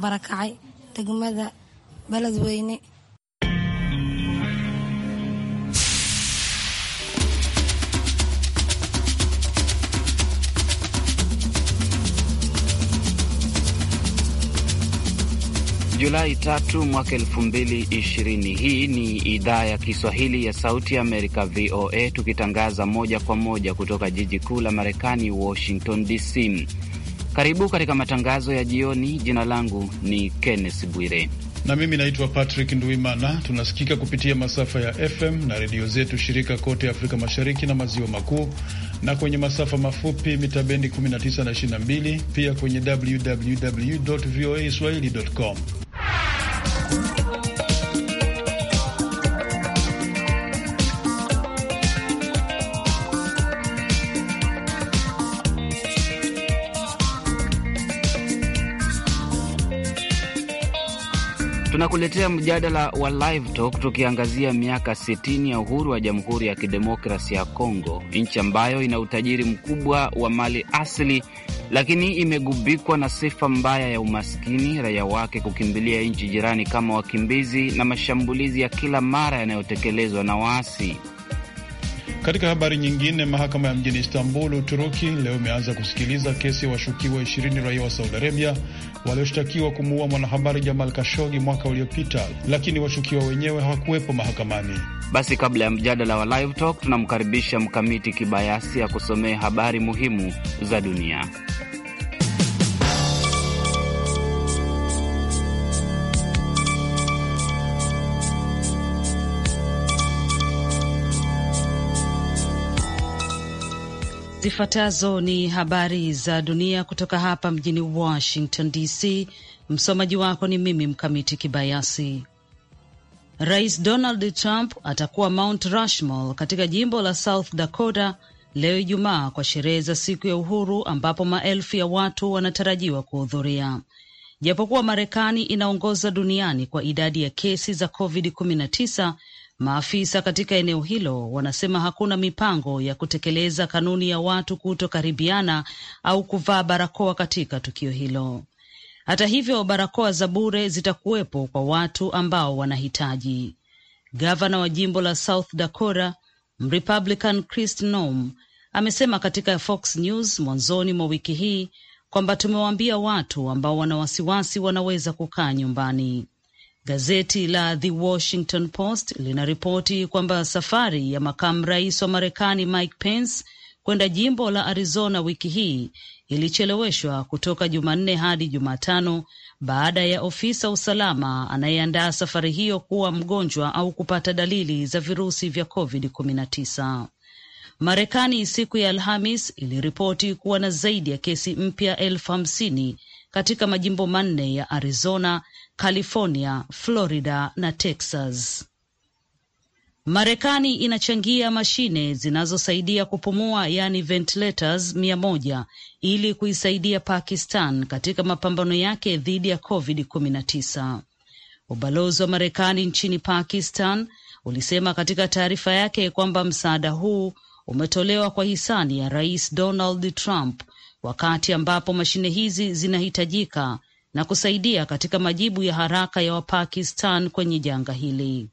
barakacay degmada Beledweyne. Julai tatu mwaka elfu mbili ishirini. Hii ni idhaa ya Kiswahili ya Sauti Amerika, VOA, tukitangaza moja kwa moja kutoka jiji kuu la Marekani, Washington DC. Karibu katika matangazo ya jioni. Jina langu ni Kenneth Bwire na mimi naitwa Patrick nduimana Tunasikika kupitia masafa ya FM na redio zetu shirika kote Afrika Mashariki na Maziwa Makuu, na kwenye masafa mafupi mita bendi 19 na 22, pia kwenye www voa swahili com tunakuletea mjadala wa Live Talk tukiangazia miaka 60 ya uhuru wa Jamhuri ya kidemokrasi ya Kongo, nchi ambayo ina utajiri mkubwa wa mali asili, lakini imegubikwa na sifa mbaya ya umaskini, raia wake kukimbilia nchi jirani kama wakimbizi, na mashambulizi ya kila mara yanayotekelezwa na waasi. Katika habari nyingine, mahakama ya mjini Istanbul, Uturuki, leo imeanza kusikiliza kesi ya washukiwa 20 raia wa Saudi Arabia walioshtakiwa kumuua mwanahabari Jamal Kashogi mwaka uliopita, lakini washukiwa wenyewe hawakuwepo mahakamani. Basi kabla ya mjadala wa Live Talk tunamkaribisha Mkamiti Kibayasi akusomee habari muhimu za dunia. Zifuatazo ni habari za dunia kutoka hapa mjini Washington DC. Msomaji wako ni mimi Mkamiti Kibayasi. Rais Donald Trump atakuwa Mount Rushmore katika jimbo la South Dakota leo Ijumaa kwa sherehe za siku ya uhuru ambapo maelfu ya watu wanatarajiwa kuhudhuria. Japokuwa Marekani inaongoza duniani kwa idadi ya kesi za COVID-19, Maafisa katika eneo hilo wanasema hakuna mipango ya kutekeleza kanuni ya watu kutokaribiana au kuvaa barakoa katika tukio hilo. Hata hivyo, barakoa za bure zitakuwepo kwa watu ambao wanahitaji. Gavana wa jimbo la South Dakota Mrepublican Chris Noem amesema katika Fox News mwanzoni mwa wiki hii kwamba tumewaambia watu ambao wana wasiwasi wanaweza kukaa nyumbani. Gazeti la The Washington Post linaripoti kwamba safari ya makamu rais wa Marekani Mike Pence kwenda jimbo la Arizona wiki hii ilicheleweshwa kutoka Jumanne hadi Jumatano baada ya ofisa usalama anayeandaa safari hiyo kuwa mgonjwa au kupata dalili za virusi vya COVID-19. Marekani siku ya Alhamis iliripoti kuwa na zaidi ya kesi mpya elfu hamsini katika majimbo manne ya Arizona California, Florida na Texas. Marekani inachangia mashine zinazosaidia kupumua yani ventilators mia moja ili kuisaidia Pakistan katika mapambano yake dhidi ya COVID-19. Ubalozi wa Marekani nchini Pakistan ulisema katika taarifa yake kwamba msaada huu umetolewa kwa hisani ya Rais Donald Trump wakati ambapo mashine hizi zinahitajika na kusaidia katika majibu ya haraka ya Wapakistan kwenye janga hili.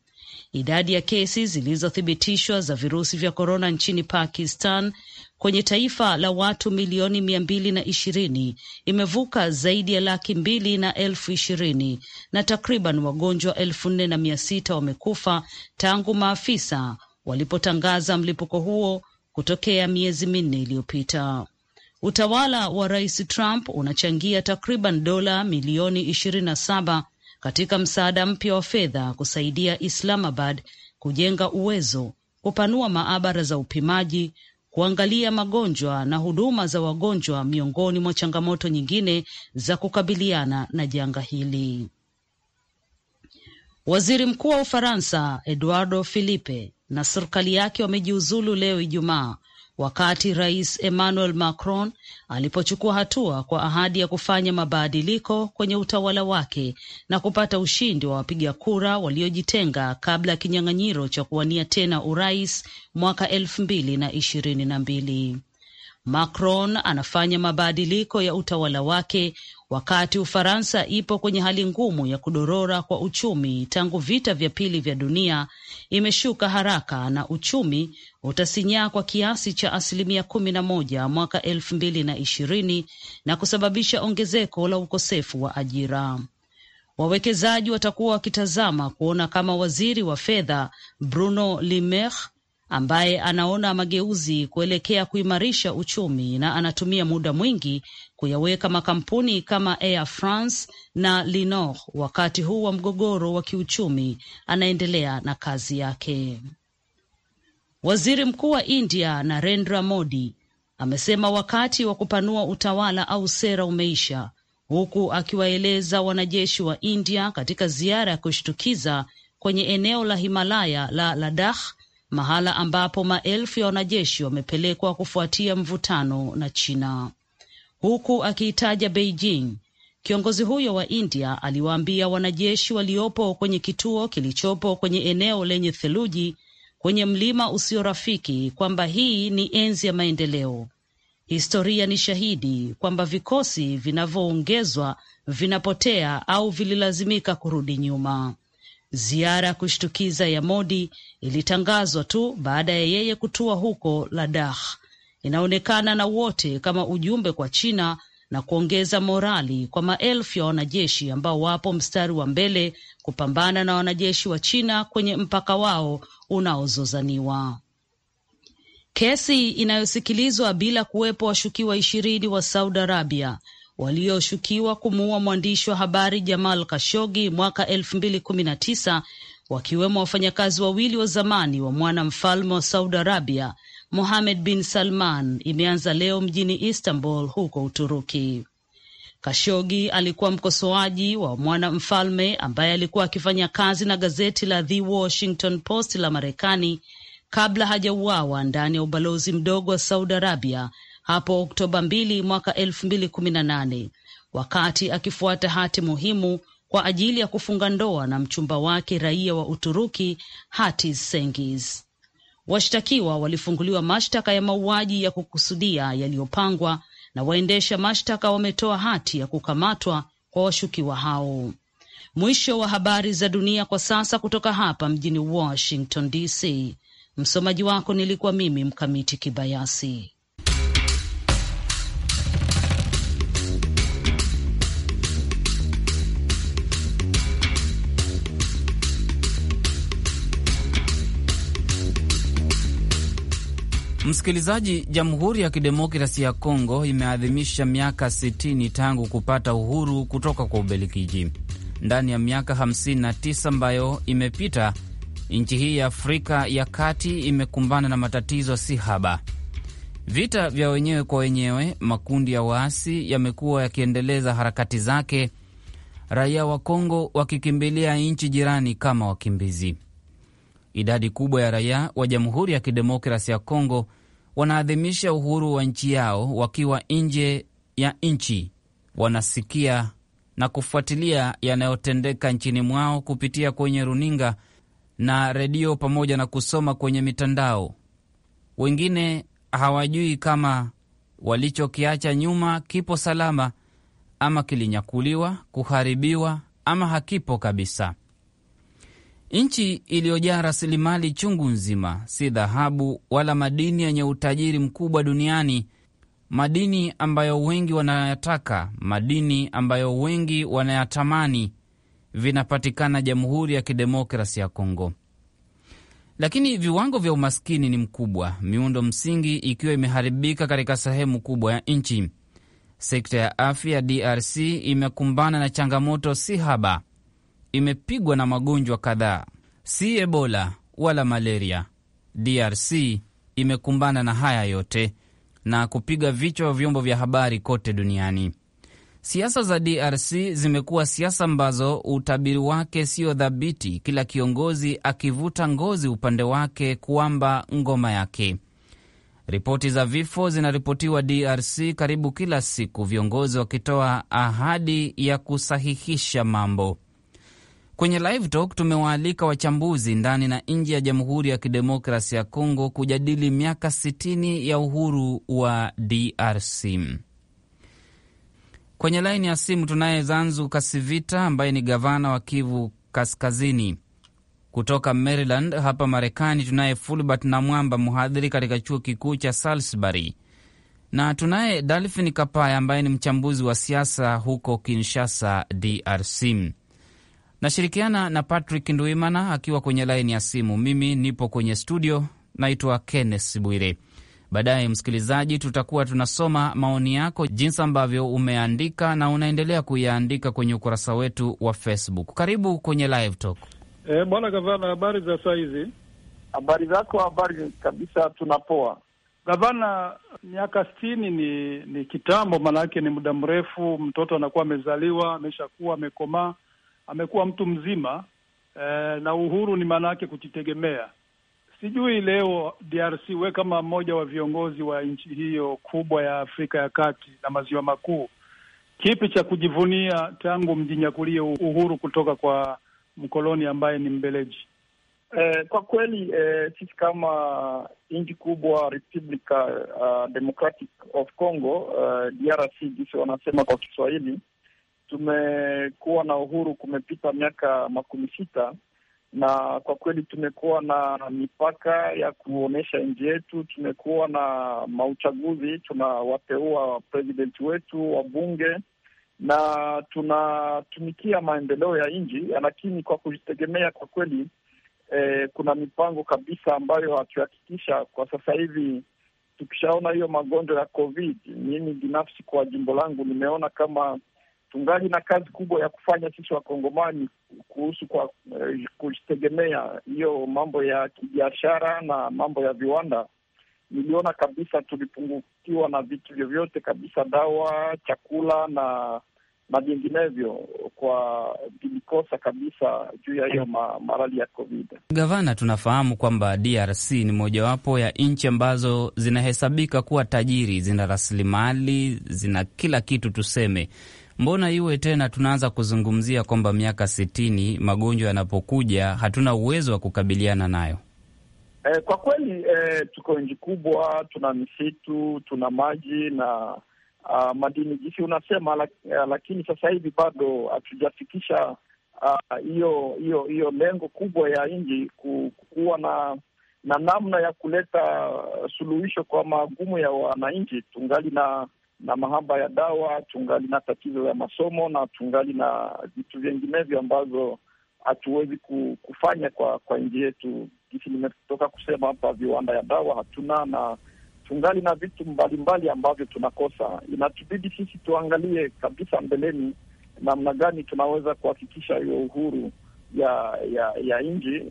Idadi ya kesi zilizothibitishwa za virusi vya korona nchini Pakistan kwenye taifa la watu milioni mia mbili na ishirini imevuka zaidi ya laki mbili na elfu ishirini na takriban wagonjwa elfu nne na mia sita wamekufa tangu maafisa walipotangaza mlipuko huo kutokea miezi minne iliyopita. Utawala wa Rais Trump unachangia takriban dola milioni ishirini na saba katika msaada mpya wa fedha kusaidia Islamabad kujenga uwezo, kupanua maabara za upimaji, kuangalia magonjwa na huduma za wagonjwa, miongoni mwa changamoto nyingine za kukabiliana na janga hili. Waziri Mkuu wa Ufaransa Eduardo Philippe na serikali yake wamejiuzulu leo Ijumaa wakati Rais Emmanuel Macron alipochukua hatua kwa ahadi ya kufanya mabadiliko kwenye utawala wake na kupata ushindi wa wapiga kura waliojitenga kabla ya kinyang'anyiro cha kuwania tena urais mwaka elfu mbili na ishirini na mbili. Macron anafanya mabadiliko ya utawala wake wakati Ufaransa ipo kwenye hali ngumu ya kudorora kwa uchumi tangu vita vya pili vya dunia, imeshuka haraka na uchumi utasinyaa kwa kiasi cha asilimia kumi na moja mwaka elfu mbili na ishirini na kusababisha ongezeko la ukosefu wa ajira. Wawekezaji watakuwa wakitazama kuona kama waziri wa fedha Bruno limer ambaye anaona mageuzi kuelekea kuimarisha uchumi na anatumia muda mwingi kuyaweka makampuni kama Air France na Linor wakati huu wa mgogoro wa kiuchumi anaendelea na kazi yake. Waziri Mkuu wa India Narendra Modi amesema wakati wa kupanua utawala au sera umeisha, huku akiwaeleza wanajeshi wa India katika ziara ya kushtukiza kwenye eneo la Himalaya la Ladakh, mahala ambapo maelfu ya wanajeshi wamepelekwa kufuatia mvutano na China huku akiitaja Beijing. Kiongozi huyo wa India aliwaambia wanajeshi waliopo kwenye kituo kilichopo kwenye eneo lenye theluji kwenye mlima usio rafiki kwamba hii ni enzi ya maendeleo. Historia ni shahidi kwamba vikosi vinavyoongezwa vinapotea au vililazimika kurudi nyuma. Ziara ya kushtukiza ya Modi ilitangazwa tu baada ya yeye kutua huko Ladakh inaonekana na wote kama ujumbe kwa China na kuongeza morali kwa maelfu ya wanajeshi ambao wapo mstari wa mbele kupambana na wanajeshi wa China kwenye mpaka wao unaozozaniwa. Kesi inayosikilizwa bila kuwepo washukiwa ishirini wa Saudi Arabia walioshukiwa kumuua mwandishi wa habari Jamal Kashogi mwaka elfu mbili kumi na tisa wakiwemo wafanyakazi wawili wa zamani wa mwana mfalme wa Saudi Arabia Mohamed bin Salman imeanza leo mjini Istanbul huko Uturuki. Kashogi alikuwa mkosoaji wa mwanamfalme ambaye alikuwa akifanya kazi na gazeti la The Washington Post la Marekani kabla hajauawa ndani ya ubalozi mdogo wa Saudi Arabia hapo Oktoba 2 mwaka 2018 wakati akifuata hati muhimu kwa ajili ya kufunga ndoa na mchumba wake raia wa Uturuki Hatis Sengiz. Washtakiwa walifunguliwa mashtaka ya mauaji ya kukusudia yaliyopangwa na waendesha mashtaka wametoa hati ya kukamatwa kwa washukiwa hao. Mwisho wa habari za dunia kwa sasa kutoka hapa mjini Washington DC. Msomaji wako nilikuwa mimi Mkamiti Kibayasi. Msikilizaji, Jamhuri ya Kidemokrasi ya Kongo imeadhimisha miaka 60 tangu kupata uhuru kutoka kwa Ubelikiji. Ndani ya miaka 59 ambayo imepita, nchi hii ya Afrika ya Kati imekumbana na matatizo si haba. Vita vya wenyewe kwa wenyewe, makundi ya waasi yamekuwa yakiendeleza harakati zake, raia wa Kongo wakikimbilia nchi jirani kama wakimbizi. Idadi kubwa ya raia wa Jamhuri ya Kidemokrasi ya Kongo wanaadhimisha uhuru wa nchi yao wakiwa nje ya nchi, wanasikia na kufuatilia yanayotendeka nchini mwao kupitia kwenye runinga na redio pamoja na kusoma kwenye mitandao. Wengine hawajui kama walichokiacha nyuma kipo salama ama kilinyakuliwa, kuharibiwa ama hakipo kabisa nchi iliyojaa rasilimali chungu nzima, si dhahabu wala madini yenye utajiri mkubwa duniani, madini ambayo wengi wanayataka, madini ambayo wengi wanayatamani, vinapatikana Jamhuri ya Kidemokrasi ya Kongo. Lakini viwango vya umaskini ni mkubwa, miundo msingi ikiwa imeharibika katika sehemu kubwa ya nchi. Sekta ya afya DRC imekumbana na changamoto si haba imepigwa na magonjwa kadhaa, si Ebola wala malaria. DRC imekumbana na haya yote na kupiga vichwa vya vyombo vya habari kote duniani. Siasa za DRC zimekuwa siasa ambazo utabiri wake sio thabiti, kila kiongozi akivuta ngozi upande wake kuamba ngoma yake. Ripoti za vifo zinaripotiwa DRC karibu kila siku, viongozi wakitoa ahadi ya kusahihisha mambo. Kwenye Live Talk tumewaalika wachambuzi ndani na nje ya Jamhuri ya Kidemokrasi ya congo kujadili miaka 60 ya uhuru wa DRC. Kwenye laini ya simu tunaye Zanzu Kasivita ambaye ni gavana wa Kivu Kaskazini. Kutoka Maryland hapa Marekani tunaye Fulbert na Mwamba, mhadhiri katika chuo kikuu cha Salisbury, na tunaye Dalfin Kapaya ambaye ni mchambuzi wa siasa huko Kinshasa, DRC. Nashirikiana na Patrick Nduimana akiwa kwenye laini ya simu. Mimi nipo kwenye studio, naitwa Kenneth Bwire. Baadaye msikilizaji, tutakuwa tunasoma maoni yako jinsi ambavyo umeandika na unaendelea kuyaandika kwenye ukurasa wetu wa Facebook. Karibu kwenye live talk. E, bwana gavana, habari za saa hizi? Habari zako? Habari kabisa, tunapoa gavana. Miaka sitini ni ni kitambo, maanake ni muda mrefu. Mtoto anakuwa amezaliwa, ameshakuwa, amekomaa amekuwa mtu mzima eh, na uhuru ni maana yake kujitegemea. Sijui leo DRC, we kama mmoja wa viongozi wa nchi hiyo kubwa ya Afrika ya Kati na maziwa makuu, kipi cha kujivunia tangu mjinyakulie uhuru kutoka kwa mkoloni ambaye ni Mbeleji? Eh, kwa kweli eh, sisi kama nchi kubwa Republika uh, Democratic of Congo uh, ah, DRC jinsi wanasema kwa Kiswahili tumekuwa na uhuru kumepita miaka makumi sita na kwa kweli tumekuwa na mipaka ya kuonyesha nchi yetu. Tumekuwa na mauchaguzi, tunawateua presidenti wetu, wabunge na tunatumikia maendeleo ya nchi, lakini kwa kujitegemea kwa kweli eh, kuna mipango kabisa ambayo hatuhakikisha kwa sasa hivi. Tukishaona hiyo magonjwa ya COVID, mimi binafsi kwa jimbo langu nimeona kama tungali na kazi kubwa ya kufanya sisi wakongomani kuhusu kwa eh, kutegemea Hiyo mambo ya kibiashara na mambo ya viwanda, niliona kabisa tulipungukiwa na vitu vyovyote kabisa, dawa, chakula na na vinginevyo kwa vilikosa kabisa juu ya hiyo ma, marali ya Covid. Gavana, tunafahamu kwamba DRC ni mojawapo ya nchi ambazo zinahesabika kuwa tajiri, zina rasilimali, zina kila kitu tuseme Mbona iwe tena tunaanza kuzungumzia kwamba miaka sitini magonjwa yanapokuja hatuna uwezo wa kukabiliana nayo? Eh, kwa kweli eh, tuko nchi kubwa, tuna misitu, tuna maji na uh, madini jinsi unasema lak, eh, lakini sasa hivi bado hatujafikisha ah, hiyo uh, hiyo hiyo lengo kubwa ya nchi kuwa na na namna ya kuleta ah, suluhisho kwa magumu ya wananchi. Tungali na na mahaba ya dawa, tungali na tatizo ya masomo na tungali na vitu vinginevyo ambazo hatuwezi kufanya kwa kwa nji yetu. jisi nimetoka kusema hapa, viwanda ya dawa hatuna, na tungali na vitu mbalimbali ambavyo tunakosa. Inatubidi sisi tuangalie kabisa mbeleni namna gani tunaweza kuhakikisha hiyo uhuru ya ya ya nji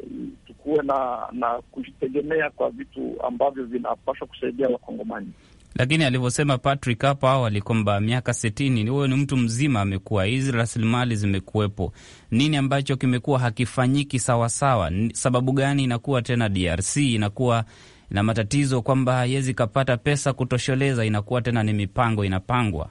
tukuwe na na kujitegemea kwa vitu ambavyo vinapaswa kusaidia Wakongomani. Lakini alivyosema Patrick hapo awali kwamba miaka sitini, huyo ni mtu mzima amekuwa, hizi rasilimali zimekuwepo. Nini ambacho kimekuwa hakifanyiki sawasawa? Sababu gani inakuwa tena DRC inakuwa na matatizo kwamba haiwezi kapata pesa kutosheleza, inakuwa tena ni mipango inapangwa.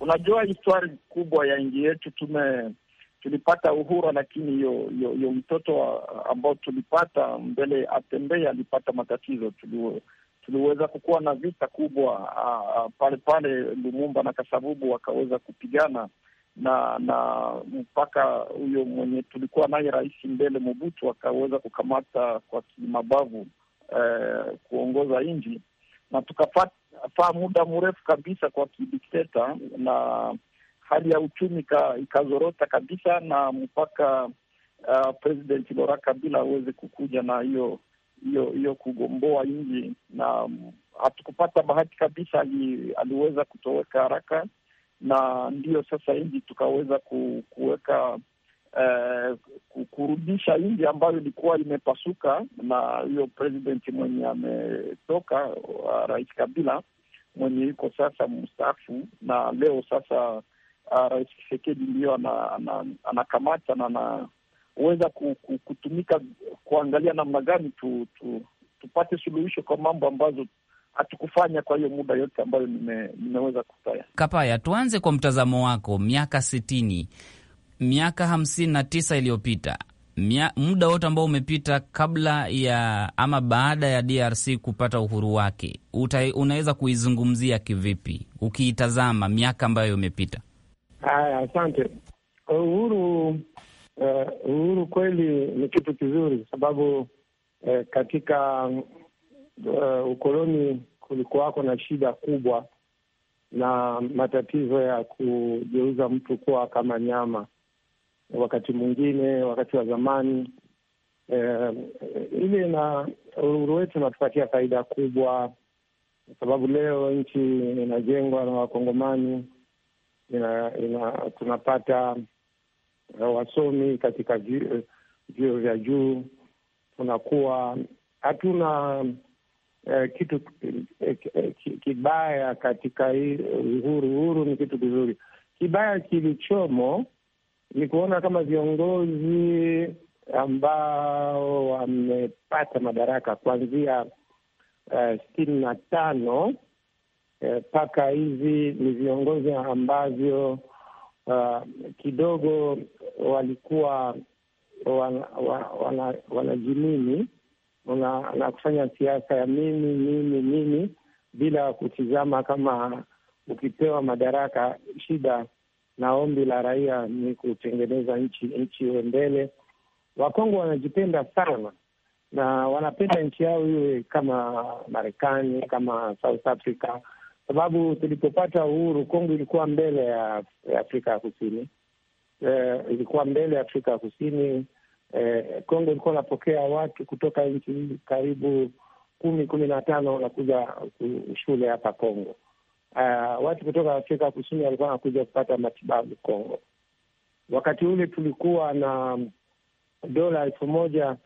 Unajua, histori kubwa ya nji yetu tume tulipata uhuru, lakini yo yo mtoto ambao tulipata mbele atembee alipata matatizo tulio tuliweza kukuwa na vita kubwa ah, ah, pale pale Lumumba na Kasavubu wakaweza kupigana na na mpaka huyo mwenye tulikuwa naye Rais Mbele Mobutu akaweza kukamata kwa kimabavu eh, kuongoza nchi na tukafaa muda mrefu kabisa kwa kidikteta, na hali ya uchumi ikazorota kabisa, na mpaka uh, President Laurent Kabila aweze kukuja na hiyo hiyo hiyo kugomboa nji na mm, hatukupata bahati kabisa, ali, aliweza kutoweka haraka, na ndiyo sasa nji tukaweza ku, kuweka eh, kurudisha nji ambayo ilikuwa imepasuka, na hiyo president mwenye ametoka ah, Rais Kabila mwenye yuko sasa mstaafu, na leo sasa ah, Rais kisekedi ndiyo anakamata na ana, ana, na huweza kutumika kuangalia namna gani tu, tu, tupate suluhisho kwa mambo ambazo hatukufanya kwa hiyo muda yote ambayo nime, nimeweza kutaya. Kapaya, tuanze kwa mtazamo wako, miaka sitini, miaka hamsini na tisa iliyopita muda wote ambao umepita kabla ya ama baada ya DRC kupata uhuru wake uta, unaweza kuizungumzia kivipi ukiitazama miaka ambayo imepita? Haya, asante. Uhuru ukweli ni kitu kizuri, sababu eh, katika uh, ukoloni kulikuwako na shida kubwa na matatizo ya kugeuza mtu kuwa kama nyama wakati mwingine, wakati wa zamani eh, ile na uhuru wetu unatupatia faida kubwa, sababu leo nchi inajengwa na Wakongomani ina, ina tunapata Eh, wasomi katika vyuo vya juu, tunakuwa hatuna eh, kitu eh, eh kibaya katika hii eh, uhuru. Uhuru ni kitu kizuri. Kibaya kilichomo ni kuona kama viongozi ambao wamepata madaraka kuanzia sitini na tano mpaka hivi ni viongozi ambavyo uh, kidogo walikuwa wana, wana, wanajimini na kufanya siasa ya mimi mimi mimi bila kutizama kama ukipewa madaraka, shida na ombi la raia ni kutengeneza nchi nchi iwe mbele. Wakongo wanajipenda sana na wanapenda nchi yao iwe kama Marekani, kama South Africa sababu tulipopata uhuru Kongo ilikuwa mbele ya Afrika ya Kusini. E, ilikuwa mbele ya Afrika ya Kusini. E, Kongo ilikuwa inapokea watu kutoka nchi karibu kumi kumi na tano wanakuja shule hapa Kongo. Uh, watu kutoka Afrika ya Kusini walikuwa wanakuja kupata matibabu Kongo. Wakati ule tulikuwa na dola elfu moja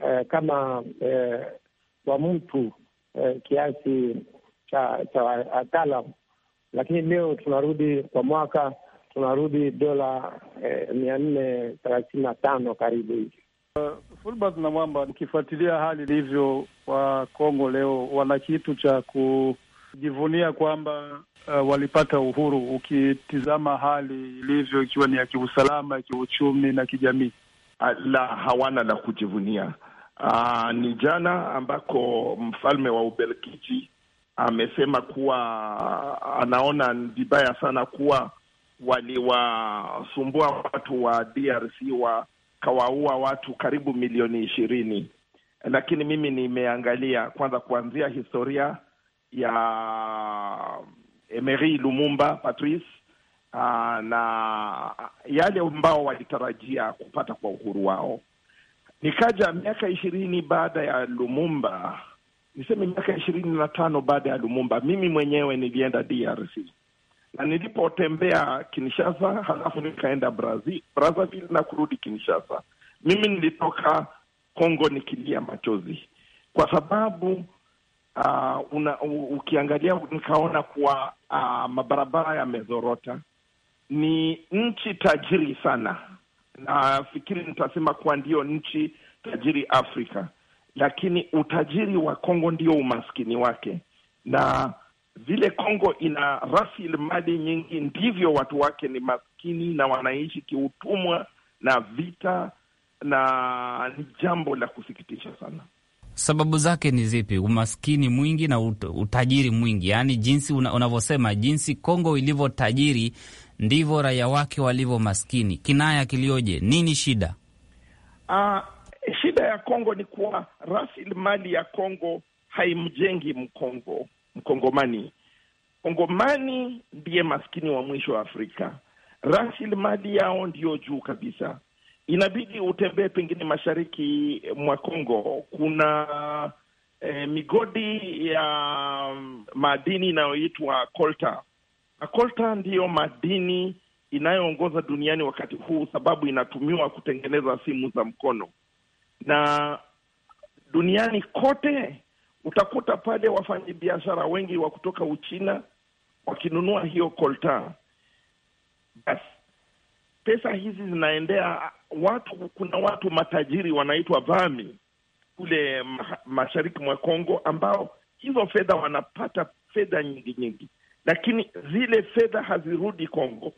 uh, kama uh, mtu uh, kiasi cha cha wataalam, uh, lakini leo tunarudi kwa mwaka tunarudi dola eh, mia nne thelathini na tano karibu hivi. Uh, Fulbert na Mwamba, ukifuatilia hali ilivyo wa Kongo leo, wana kitu cha kujivunia kwamba uh, walipata uhuru, ukitizama hali ilivyo ikiwa ni ya kiusalama, kiuchumi na kijamii. Ah, la, hawana la kujivunia. Uh, ni jana ambako mfalme wa Ubelgiji amesema kuwa anaona vibaya sana kuwa waliwasumbua watu wa DRC wakawaua watu karibu milioni ishirini, lakini mimi nimeangalia kwanza kuanzia historia ya Emery Lumumba Patrice ah, na yale ambao walitarajia kupata kwa uhuru wao. Nikaja miaka ishirini baada ya Lumumba niseme miaka ishirini na tano baada ya Lumumba, mimi mwenyewe nilienda DRC na nilipotembea Kinshasa, halafu nikaenda Brazil, Brazzaville na kurudi Kinshasa, mimi nilitoka Kongo nikilia machozi kwa sababu uh, una, u, ukiangalia nikaona kuwa uh, mabarabara yamezorota. Ni nchi tajiri sana, nafikiri nitasema kuwa ndiyo nchi tajiri Afrika lakini utajiri wa Kongo ndio umaskini wake, na vile Kongo ina rasilimali nyingi, ndivyo watu wake ni maskini na wanaishi kiutumwa na vita, na ni jambo la kusikitisha sana. Sababu zake ni zipi? Umaskini mwingi na utajiri mwingi, yaani jinsi una, unavyosema jinsi Kongo ilivyo tajiri ndivyo raia wake walivyo maskini. Kinaya kilioje? Nini shida? Uh, Shida ya Kongo ni kuwa rasilimali ya Kongo haimjengi Mkongo, Mkongomani. Kongomani ndiye maskini wa mwisho wa Afrika. Rasilimali yao ndiyo juu kabisa. Inabidi utembee pengine mashariki mwa Kongo, kuna e, migodi ya mm, madini inayoitwa kolta, na kolta ndiyo madini inayoongoza duniani wakati huu, sababu inatumiwa kutengeneza simu za mkono na duniani kote utakuta pale wafanyabiashara wengi wa kutoka Uchina wakinunua hiyo kolta. Basi pesa hizi zinaendea watu, kuna watu matajiri wanaitwa vami kule mashariki mwa Kongo, ambao hizo fedha wanapata fedha nyingi nyingi, lakini zile fedha hazirudi Kongo.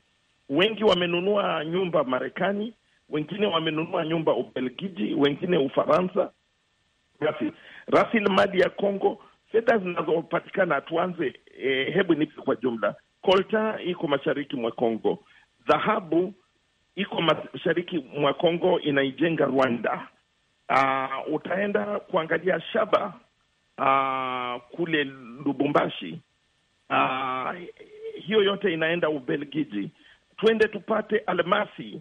Wengi wamenunua nyumba Marekani, wengine wamenunua nyumba Ubelgiji, wengine Ufaransa. Basi rasilimali ya congo fedha zinazopatikana, tuanze eh, hebu nipe kwa jumla. Kolta iko mashariki mwa congo dhahabu iko mashariki mwa Kongo, inaijenga Rwanda. Uh, utaenda kuangalia shaba uh, kule Lubumbashi. Uh, hiyo yote inaenda Ubelgiji. Twende tupate almasi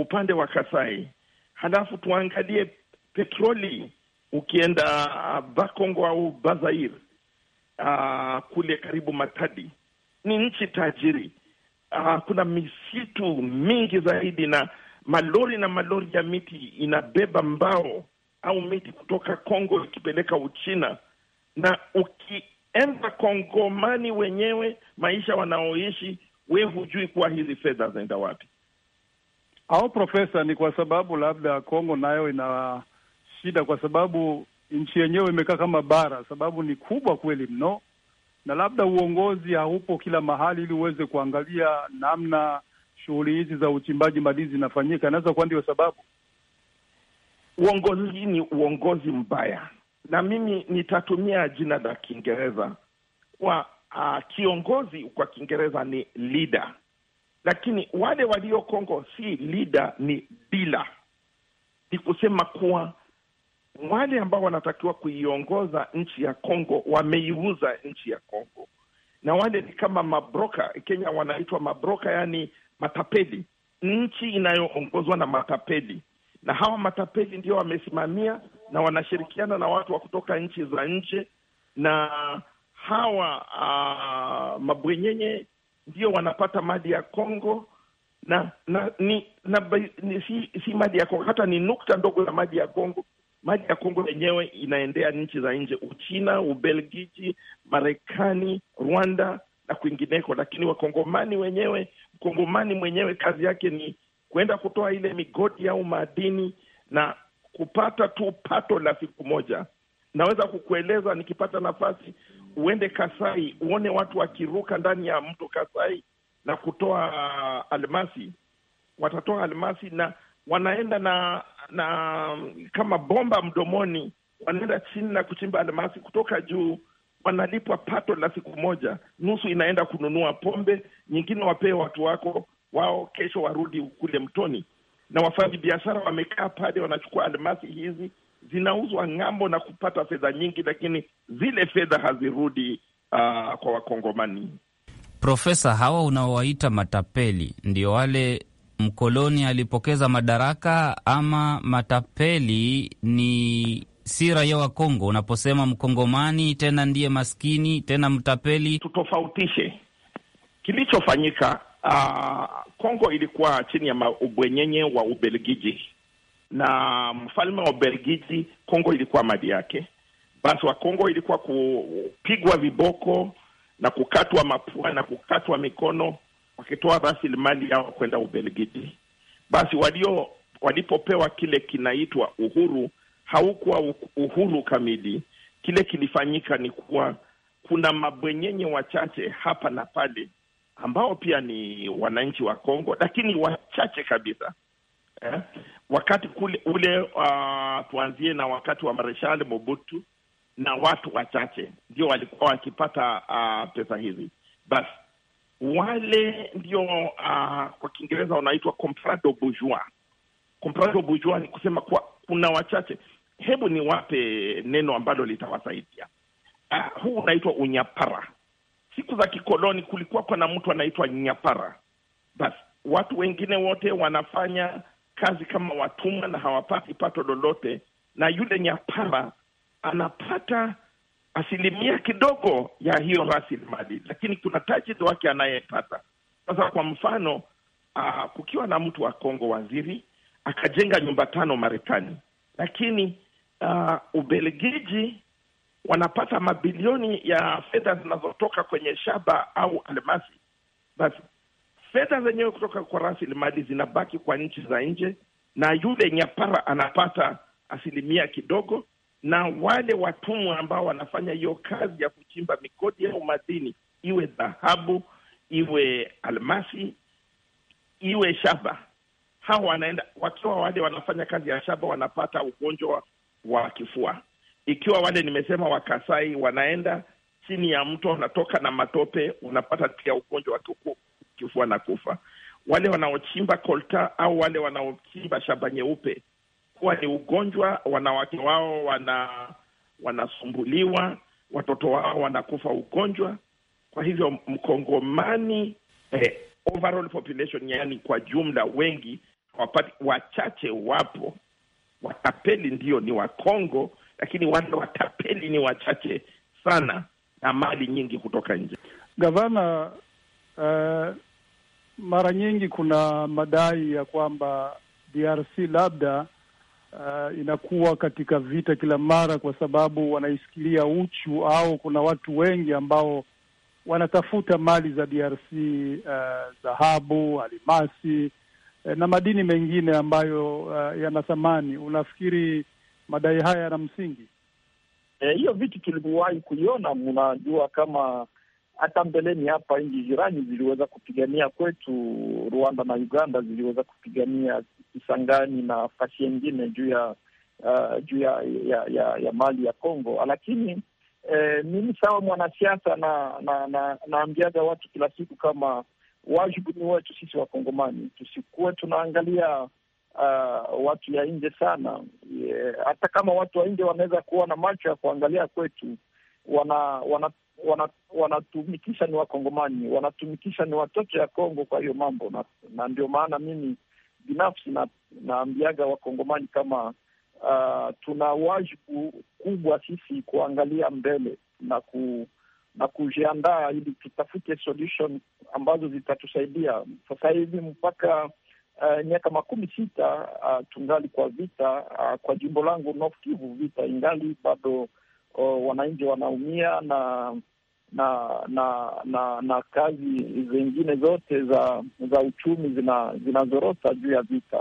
upande wa Kasai. Halafu tuangalie petroli, ukienda ah, Bakongo au Bazair uh, kule karibu Matadi, ni nchi tajiri uh, kuna misitu mingi zaidi na malori na malori ya miti inabeba mbao au miti kutoka Kongo ikipeleka Uchina, na ukienda Kongomani wenyewe maisha wanaoishi, we hujui kuwa hizi fedha zinaenda wapi au profesa, ni kwa sababu labda Kongo nayo ina shida, kwa sababu nchi yenyewe imekaa kama bara, sababu ni kubwa kweli mno, na labda uongozi haupo kila mahali ili uweze kuangalia namna shughuli hizi za uchimbaji madini zinafanyika. Inaweza kuwa ndio sababu. Uongozi ni uongozi mbaya, na mimi nitatumia jina la Kiingereza kwa uh, kiongozi kwa Kiingereza ni leader lakini wale walio Kongo si leader ni bila, ni kusema kuwa wale ambao wanatakiwa kuiongoza nchi ya Kongo wameiuza nchi ya Kongo, na wale ni kama mabroka. Kenya wanaitwa mabroka, yaani matapeli, nchi inayoongozwa na matapeli, na hawa matapeli ndio wamesimamia na wanashirikiana na watu wa kutoka nchi za nje, na hawa uh, mabwenyenye ndio wanapata madi ya Kongo na na ni, na ni, si, si maji ya Kongo hata ni nukta ndogo ya maji ya Kongo. Maji ya Kongo yenyewe inaendea nchi za nje, Uchina, Ubelgiji, Marekani, Rwanda na kwingineko. Lakini wakongomani wenyewe, mkongomani mwenyewe kazi yake ni kuenda kutoa ile migodi au madini na kupata tu pato la siku moja. Naweza kukueleza nikipata nafasi, uende Kasai uone watu wakiruka ndani ya mto Kasai na kutoa uh, almasi. Watatoa almasi na wanaenda na na kama bomba mdomoni, wanaenda chini na kuchimba almasi kutoka juu. Wanalipwa pato la siku moja, nusu inaenda kununua pombe, nyingine wapee watu wako wao, kesho warudi kule mtoni. Na biashara wamekaa pale, wanachukua almasi hizi zinauzwa ng'ambo na kupata fedha nyingi, lakini zile fedha hazirudi uh, kwa Wakongomani. Profesa, hawa unaowaita matapeli ndio wale mkoloni alipokeza madaraka, ama matapeli ni si raia wa Kongo? Unaposema mkongomani tena ndiye maskini tena mtapeli, tutofautishe kilichofanyika. Uh, Kongo ilikuwa chini ya ubwenyenye wa Ubelgiji na mfalme wa Ubelgiji, Kongo ilikuwa mali yake. Basi wa Kongo ilikuwa kupigwa viboko na kukatwa mapua na kukatwa mikono, wakitoa rasilimali yao kwenda Ubelgiji. Basi walio walipopewa kile kinaitwa uhuru, haukuwa uhuru kamili. Kile kilifanyika ni kuwa kuna mabwenyenye wachache hapa na pale ambao pia ni wananchi wa Kongo, lakini wachache kabisa eh? wakati kule ule uh, tuanzie na wakati wa Mareshali Mobutu na watu wachache ndio walikuwa wakipata uh, pesa hizi. Basi wale ndio uh, kwa Kiingereza wanaitwa comprado bourgeois. Comprado bourgeois ni kusema kuwa kuna wachache. Hebu niwape neno ambalo litawasaidia. Uh, huu unaitwa unyapara. Siku za kikoloni kulikuwa kuna mtu anaitwa nyapara. Basi watu wengine wote wanafanya kazi kama watumwa na hawapati pato lolote, na yule nyapara anapata asilimia kidogo ya hiyo rasilimali, lakini kuna tajiri wake anayepata. Sasa kwa mfano uh, kukiwa na mtu wa Kongo waziri akajenga nyumba tano Marekani, lakini uh, Ubelgiji wanapata mabilioni ya fedha zinazotoka kwenye shaba au almasi. Basi fedha zenyewe kutoka kwa rasilimali zinabaki kwa nchi za nje, na yule nyapara anapata asilimia kidogo, na wale watumwa ambao wanafanya hiyo kazi ya kuchimba migodi au madini, iwe dhahabu, iwe almasi, iwe shaba, hawa wanaenda wakiwa, wale wanafanya kazi ya shaba wanapata ugonjwa wa kifua. Ikiwa wale nimesema Wakasai wanaenda chini ya mto, wanatoka na matope, wanapata pia ugonjwa wa kifua na kufa Wale wanaochimba kolta au wale wanaochimba shaba nyeupe huwa ni ugonjwa, wanawake wao wana wanasumbuliwa, watoto wao wanakufa ugonjwa. Kwa hivyo mkongomani eh, overall population, kwa jumla wengi hawapati, wachache wapo watapeli ndio ni Wakongo, lakini wale watapeli ni wachache sana na mali nyingi kutoka nje. Gavana, uh, mara nyingi kuna madai ya kwamba DRC labda uh, inakuwa katika vita kila mara kwa sababu wanaisikilia uchu au kuna watu wengi ambao wanatafuta mali za DRC, uh, dhahabu, uh, alimasi eh, na madini mengine ambayo uh, yana thamani. Unafikiri madai haya yana msingi? Eh, hiyo e, vitu tulivyowahi kuiona, mnajua kama hata mbeleni hapa nchi jirani ziliweza kupigania kwetu, Rwanda na Uganda ziliweza kupigania Kisangani na fasi yengine juu ya uh, juu ya, ya, ya, ya mali ya congo lakini eh, mimi sawa mwanasiasa na naambiaga na, na watu kila siku kama wajibu ni wetu sisi Wakongomani, tusikuwe tunaangalia Uh, watu ya nje sana yeah. Hata kama watu wa nje wanaweza kuwa na macho ya kuangalia kwetu, wana, wana wanatumikisha ni Wakongomani, wanatumikisha ni watoto ya Kongo. Kwa hiyo mambo na, na ndio maana mimi binafsi na, naambiaga Wakongomani kama uh, tuna wajibu kubwa sisi kuangalia mbele na ku na kujiandaa ili tutafute solution ambazo zitatusaidia. Sasa hivi mpaka uh, makumi sita uh, tungali kwa vita uh, kwa jimbo langu North Kivu, vita ingali bado wananchi wanaumia na na na na na kazi zingine zote za za uchumi zinazorota zina juu ya vita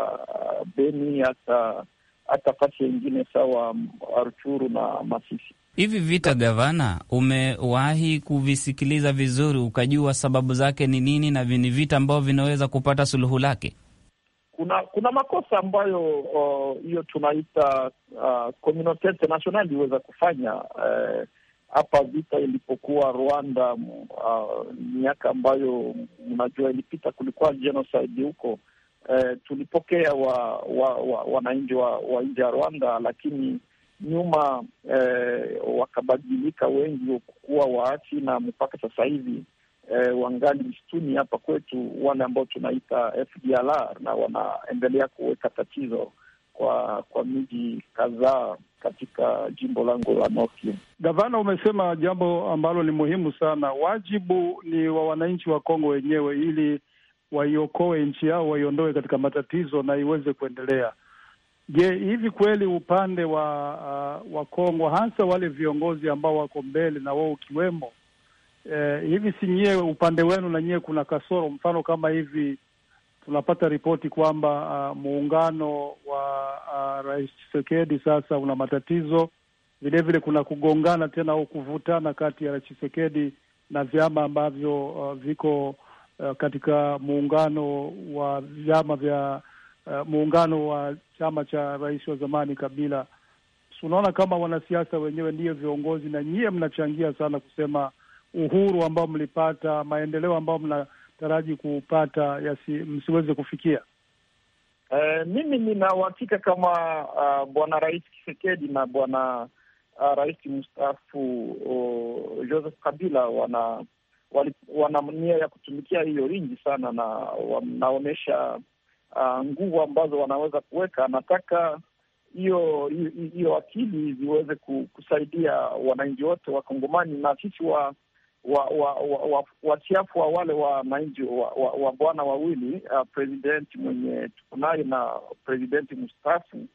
Beni, hata hata fasi yengine sawa Aruchuru na Masisi. Hivi vita gavana, umewahi kuvisikiliza vizuri ukajua sababu zake ni nini, na ni vita ambavyo vinaweza kupata suluhu lake? kuna kuna makosa ambayo hiyo uh, tunaita uh, communaute internationale iliweza kufanya e, hapa uh, vita ilipokuwa Rwanda uh, miaka ambayo mnajua ilipita, kulikuwa genocide huko. Uh, tulipokea wananchi wa, wa, wa, wa ya Rwanda, lakini nyuma uh, wakabadilika wengi kuwa waachi na mpaka sasa hivi eh, wangali msituni hapa kwetu, wale ambao tunaita FDLR, na wanaendelea kuweka tatizo kwa kwa miji kadhaa katika jimbo langu la North Kivu. Gavana, umesema jambo ambalo ni muhimu sana. Wajibu ni wa wananchi wa Kongo wenyewe ili waiokoe nchi yao, waiondoe katika matatizo na iweze kuendelea. Je, hivi kweli upande wa uh, wa Kongo hasa wale viongozi ambao wako mbele na wao ukiwemo eh, hivi si nyie upande wenu na nyie kuna kasoro? Mfano kama hivi tunapata ripoti kwamba uh, muungano wa uh, Rais Chisekedi sasa una matatizo vilevile, vile kuna kugongana tena au kuvutana kati ya Rais Chisekedi na vyama ambavyo uh, viko uh, katika muungano wa vyama vya uh, muungano wa chama cha rais wa zamani Kabila. Unaona kama wanasiasa wenyewe ndiyo viongozi, na nyie mnachangia sana kusema uhuru ambao mlipata, maendeleo ambayo mnataraji kupata yasi, msiweze kufikia? Uh, mimi nina uhakika kama uh, bwana Rais Tshisekedi na bwana uh, rais mstaafu uh, Joseph Kabila wana wali, wana nia ya kutumikia hiyo nchi sana, na wanaonyesha uh, nguvu ambazo wanaweza kuweka. Nataka hiyo hiyo akili ziweze kusaidia wananchi wote wa Kongomani na sisi wa watiafu wa, wa, wa, wa wale wa mainji wa, wa, wa bwana wawili uh, presidenti mwenye tuko naye na presidenti mustafu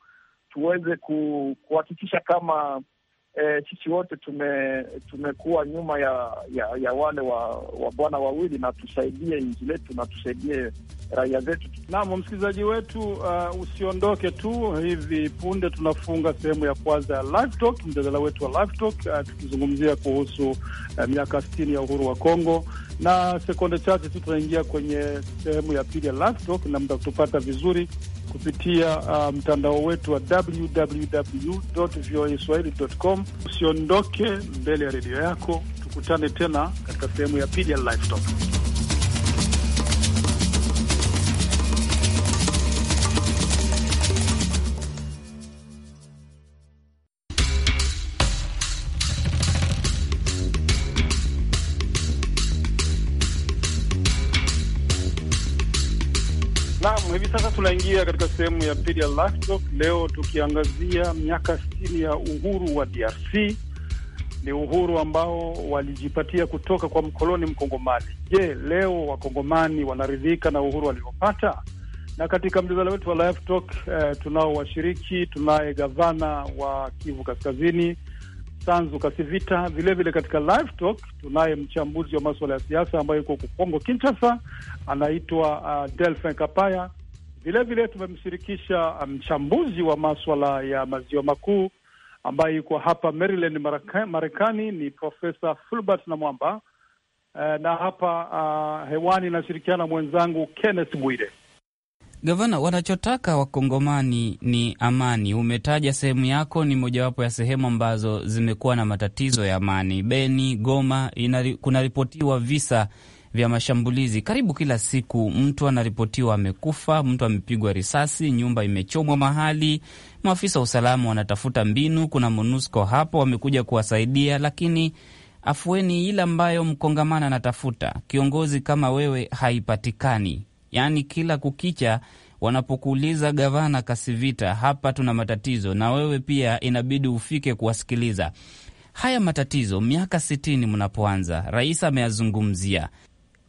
tuweze ku, kuhakikisha kama e, sisi wote tume, tumekuwa nyuma ya, ya, ya wale wa, wa bwana wawili, na tusaidie nchi letu na tusaidie raia zetu. Naam, msikilizaji wetu, uh, usiondoke tu. Hivi punde tunafunga sehemu ya kwanza ya Live Talk, mjadala wetu wa Live Talk, uh, tukizungumzia kuhusu uh, miaka sitini ya uhuru wa Kongo, na sekunde chache tu tunaingia kwenye sehemu ya pili ya Live Talk na mtakutupata vizuri kupitia uh, mtandao wetu wa www.voaswahili.com. Usiondoke mbele ya redio yako, tukutane tena katika sehemu ya pili ya Live Talk. sasa tunaingia katika sehemu ya pili ya Lastok leo tukiangazia miaka sitini ya uhuru wa DRC. Ni uhuru ambao walijipatia kutoka kwa mkoloni Mkongomani. Je, leo Wakongomani wanaridhika na uhuru waliopata? Na katika mjadala wetu wa Live Talk eh, tunao washiriki. Tunaye gavana wa Kivu Kaskazini Sanzu Kasivita. Vilevile katika Live Talk tunaye mchambuzi wa maswala ya siasa ambaye yuko Kongo Kinshasa, anaitwa uh, Delphin Kapaya. Vilevile tumemshirikisha um, mchambuzi wa maswala ya maziwa makuu ambaye yuko hapa Maryland, Marekani, ni Profesa Fulbert Namwamba. Uh, na hapa uh, hewani inashirikiana mwenzangu Kenneth Bwire. Gavana, wanachotaka wakongomani ni amani. Umetaja sehemu yako ni mojawapo ya sehemu ambazo zimekuwa na matatizo ya amani. Beni, Goma inari, kunaripotiwa visa vya mashambulizi. Karibu kila siku mtu anaripotiwa amekufa, mtu amepigwa risasi, nyumba imechomwa mahali. Maafisa wa usalama wanatafuta mbinu, kuna MONUSCO hapo wamekuja kuwasaidia, lakini afueni ile ambayo mkongamana anatafuta kiongozi kama wewe haipatikani. Yaani kila kukicha wanapokuuliza gavana Kasivita, hapa tuna matatizo, na wewe pia inabidi ufike kuwasikiliza haya matatizo. Miaka sitini mnapoanza, rais ameyazungumzia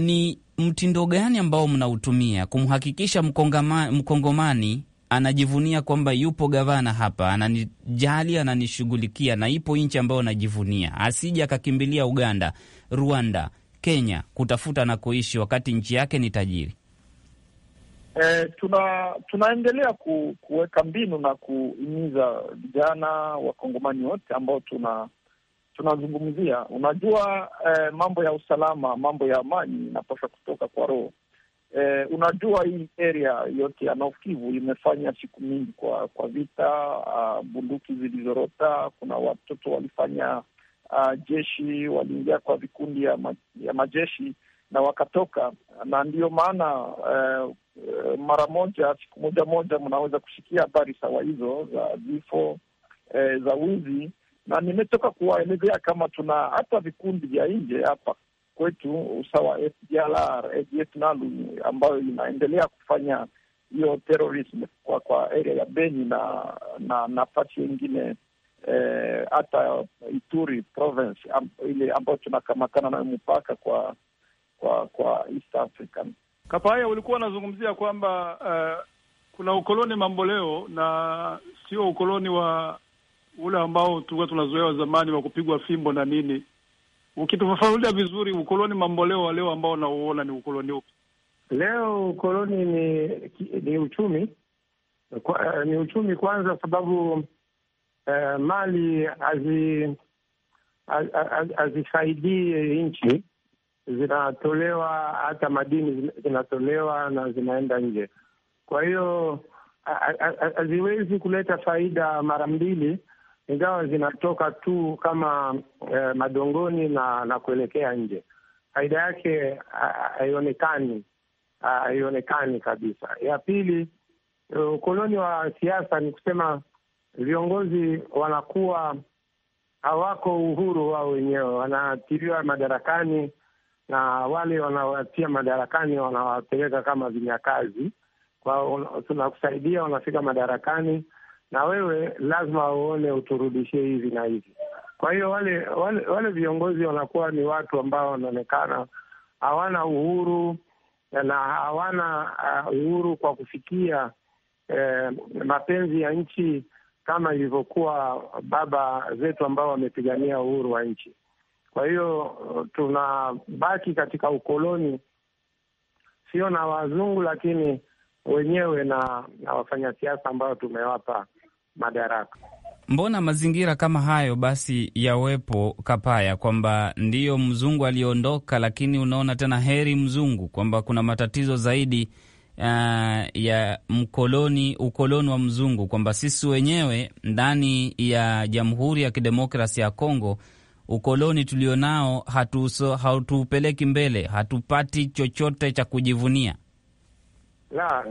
ni mtindo gani ambao mnautumia kumhakikisha mkongomani anajivunia kwamba yupo gavana hapa, ananijali, ananishughulikia na ipo nchi ambayo anajivunia, asije akakimbilia Uganda, Rwanda, Kenya kutafuta na kuishi wakati nchi yake ni tajiri? E, tuna tunaendelea ku, kuweka mbinu na kuhimiza vijana wakongomani wote ambao tuna tunazungumzia. Unajua eh, mambo ya usalama, mambo ya amani inapasha kutoka kwa roho eh, unajua hii area yote ya North Kivu imefanya siku mingi kwa kwa vita uh, bunduki zilizorota. Kuna watoto walifanya uh, jeshi, waliingia kwa vikundi ya, ma, ya majeshi na wakatoka, na ndiyo maana uh, mara moja siku moja moja mnaweza kushikia habari sawa hizo za vifo uh, za wizi na nimetoka kuwaelezea kama tuna hata vikundi vya nje hapa kwetu, usawa FDLR, ADF eh, NALU ambayo inaendelea kufanya hiyo terrorism kwa kwa area ya Beni na na nafasi yengine eh, hata eh, Ituri province am, ile ambayo tunakamatana nayo mpaka kwa kwa kwa East African. Kapaya, ulikuwa unazungumzia kwamba uh, kuna ukoloni mamboleo na sio ukoloni wa ule ambao tulikuwa tunazoea zamani wa kupigwa fimbo na nini. Ukitufafanulia vizuri, ukoloni mamboleo wa leo ambao wanauona ni ukoloni upi? Leo ukoloni ni ni uchumi kwa, eh, ni uchumi kwanza, sababu uh, mali hazisaidii az, az, nchi zinatolewa, hata madini zinatolewa na zinaenda nje. Kwa hiyo haziwezi kuleta faida mara mbili ingawa zinatoka tu kama eh, madongoni na na kuelekea nje. Faida yake haionekani, haionekani kabisa. Ya pili, ukoloni wa siasa ni kusema viongozi wanakuwa hawako uhuru wao wenyewe, wanatiliwa madarakani na wale wanawatia madarakani wanawapeleka kama vinyakazi. Kwa tunakusaidia, wanafika madarakani na wewe lazima uone uturudishie hivi na hivi. Kwa hiyo wale wale, wale viongozi wanakuwa ni watu ambao wanaonekana hawana uhuru na hawana uh, uhuru kwa kufikia eh, mapenzi ya nchi kama ilivyokuwa baba zetu ambao wamepigania uhuru wa nchi. Kwa hiyo uh, tunabaki katika ukoloni, sio na wazungu, lakini wenyewe na, na wafanyasiasa ambao tumewapa madaraka. Mbona mazingira kama hayo basi yawepo Kapaya, kwamba ndiyo mzungu aliondoka, lakini unaona tena heri mzungu, kwamba kuna matatizo zaidi uh, ya mkoloni, ukoloni wa mzungu, kwamba sisi wenyewe ndani ya Jamhuri ya Kidemokrasi ya Kongo ukoloni tulionao hatuupeleki mbele, hatupati chochote cha kujivunia. La,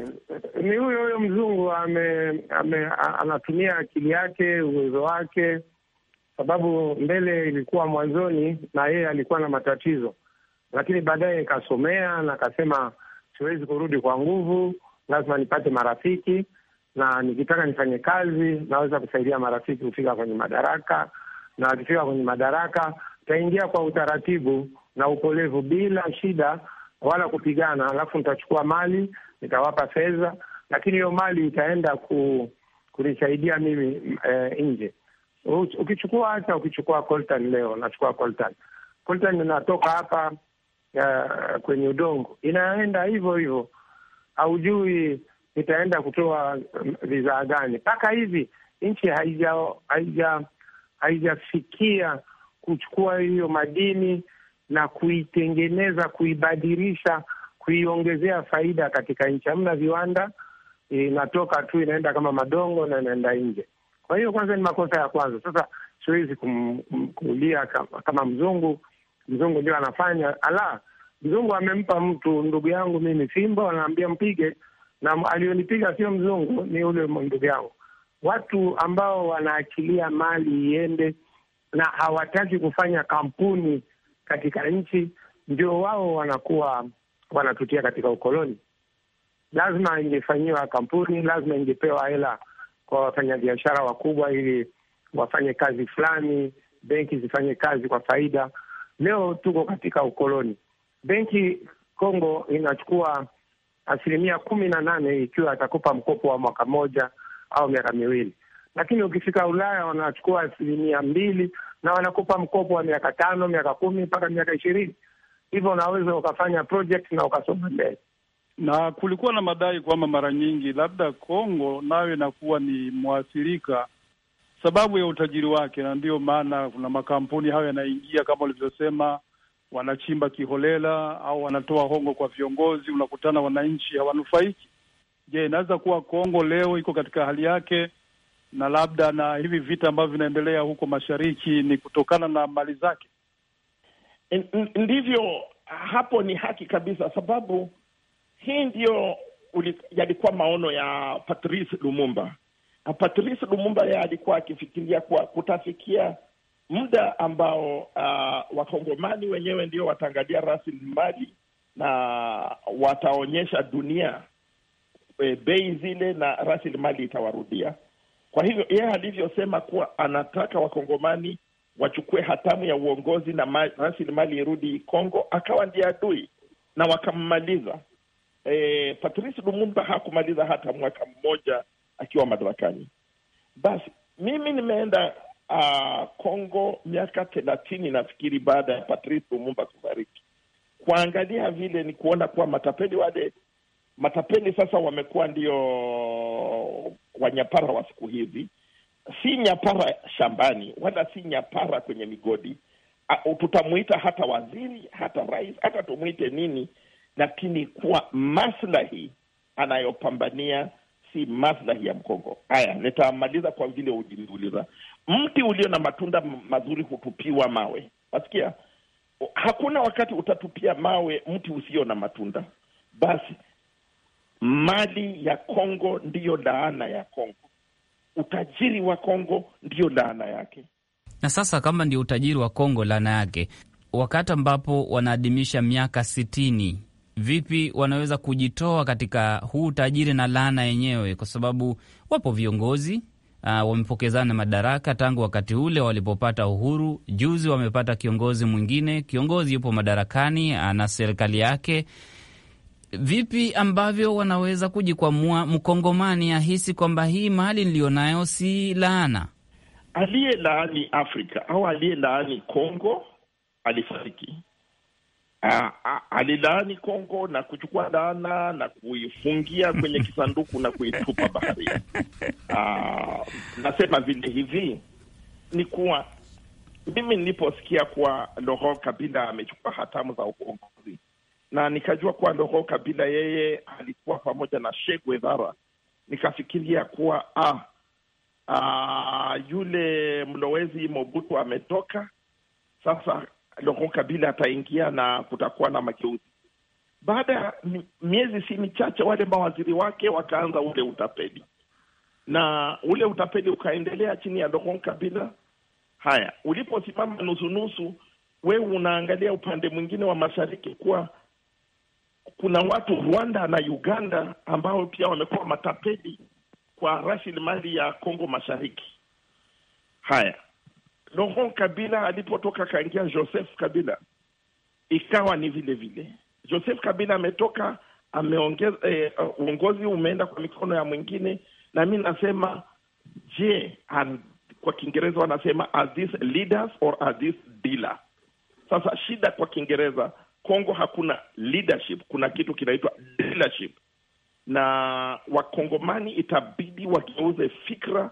ni huyo huyo mzungu ame, ame, anatumia akili yake, uwezo wake, sababu mbele ilikuwa mwanzoni na yeye alikuwa na matatizo, lakini baadaye ikasomea na akasema siwezi kurudi kwa nguvu, lazima nipate marafiki, na nikitaka nifanye kazi naweza kusaidia marafiki kufika kwenye madaraka, na akifika kwenye madaraka taingia kwa utaratibu na upolevu bila shida wala kupigana, alafu nitachukua mali nitawapa fedha, lakini hiyo mali itaenda ku, kunisaidia mimi eh, nje. Ukichukua hata ukichukua coltan leo, nachukua coltan, coltan inatoka hapa uh, kwenye udongo inaenda hivyo hivyo, haujui itaenda kutoa vizaa gani. Mpaka hivi nchi haija haija haijafikia kuchukua hiyo madini na kuitengeneza kuibadilisha kuiongezea faida katika nchi. Hamna viwanda, inatoka tu inaenda kama madongo na inaenda nje. Kwa hiyo kwanza ni makosa ya kwanza. Sasa siwezi kulia kama mzungu, mzungu ndio anafanya. Ala, mzungu amempa mtu ndugu yangu mimi fimbo, anaambia mpige, na aliyonipiga sio mzungu, ni ule ndugu yangu. Watu ambao wanaachilia mali iende na hawataki kufanya kampuni katika nchi, ndio wao wanakuwa wanatutia katika ukoloni. Lazima ingefanyiwa kampuni, lazima ingepewa hela kwa wafanyabiashara wakubwa ili wafanye kazi fulani, benki zifanye kazi kwa faida. Leo tuko katika ukoloni. Benki Kongo inachukua asilimia kumi na nane ikiwa atakupa mkopo wa mwaka moja au miaka miwili, lakini ukifika Ulaya wanachukua asilimia mbili na wanakupa mkopo wa miaka tano, miaka kumi mpaka miaka ishirini hivyo unaweza ukafanya project na ukasonga mbele. Na kulikuwa na madai kwamba mara nyingi labda Kongo nayo inakuwa ni mwathirika sababu ya utajiri wake, na ndiyo maana kuna makampuni hayo yanaingia, kama ulivyosema, wanachimba kiholela au wanatoa hongo kwa viongozi, unakutana wananchi hawanufaiki. Je, inaweza kuwa Kongo leo iko katika hali yake, na labda na hivi vita ambavyo vinaendelea huko mashariki ni kutokana na mali zake? ndivyo, hapo ni haki kabisa, sababu hii ndiyo yalikuwa maono ya Patrice Lumumba. Patrice Lumumba ye alikuwa akifikiria kuwa kutafikia muda ambao uh, wakongomani wenyewe ndio wataangalia rasilimali na wataonyesha dunia e, bei zile na rasilimali itawarudia. Kwa hivyo yeye alivyosema kuwa anataka wakongomani wachukue hatamu ya uongozi na rasilimali irudi Kongo, akawa ndiye adui na wakammaliza. E, Patrice Lumumba hakumaliza hata mwaka mmoja akiwa madarakani. Basi mimi nimeenda uh, Kongo miaka thelathini nafikiri baada ya Patrice Lumumba kufariki, kuangalia vile ni kuona kuwa matapeli wale matapeli sasa wamekuwa ndio wanyapara wa siku hizi si nyapara shambani wala si nyapara kwenye migodi. Tutamwita hata waziri hata rais hata tumwite nini, lakini kuwa maslahi anayopambania si maslahi ya Mkongo. Haya, nitamaliza kwa vile hujiniuliza. Mti ulio na matunda mazuri hutupiwa mawe. Wasikia, hakuna wakati utatupia mawe mti usio na matunda. Basi mali ya Kongo ndiyo laana ya Kongo utajiri wa Kongo ndiyo laana yake. Na sasa kama ndio utajiri wa Kongo laana yake, wakati ambapo wanaadhimisha miaka sitini, vipi wanaweza kujitoa katika huu utajiri na laana yenyewe? Kwa sababu wapo viongozi Uh, wamepokezana madaraka tangu wakati ule walipopata uhuru. Juzi wamepata kiongozi mwingine, kiongozi yupo madarakani, ana serikali yake vipi ambavyo wanaweza kujikwamua mkongomani ahisi kwamba hii mali niliyonayo si laana? Aliye laani Afrika au aliye laani Kongo alifariki. Ah, ah, alilaani Kongo na kuchukua laana na kuifungia kwenye kisanduku na kuitupa bahari. Ah, nasema vile hivi ni kuwa mimi niliposikia kuwa Laurent Kabila amechukua hatamu za uongozi na nikajua kuwa Loho Kabila yeye alikuwa pamoja na Sheikh Wedhara, nikafikiria kuwa ah, ah, yule mlowezi Mobutu ametoka sasa, Loho Kabila ataingia na kutakuwa na mageuzi. Baada ya miezi si michache, wale mawaziri wake wakaanza ule utapeli na ule utapeli ukaendelea chini ya Loho Kabila. Haya, uliposimama nusunusu, wewe unaangalia upande mwingine wa mashariki kuwa kuna watu Rwanda na Uganda ambao pia wamekuwa matapeli kwa rasilimali ya Kongo Mashariki. Haya, Laurent Kabila alipotoka akaingia Joseph Kabila, ikawa ni vile vile. Joseph Kabila ametoka ameongeza, eh, uongozi umeenda kwa mikono ya mwingine, na mi nasema je, kwa Kiingereza wanasema are these leaders or are these dealer? Sasa shida kwa Kiingereza Kongo hakuna leadership, kuna kitu kinaitwa dealership, na wakongomani itabidi wageuze fikra,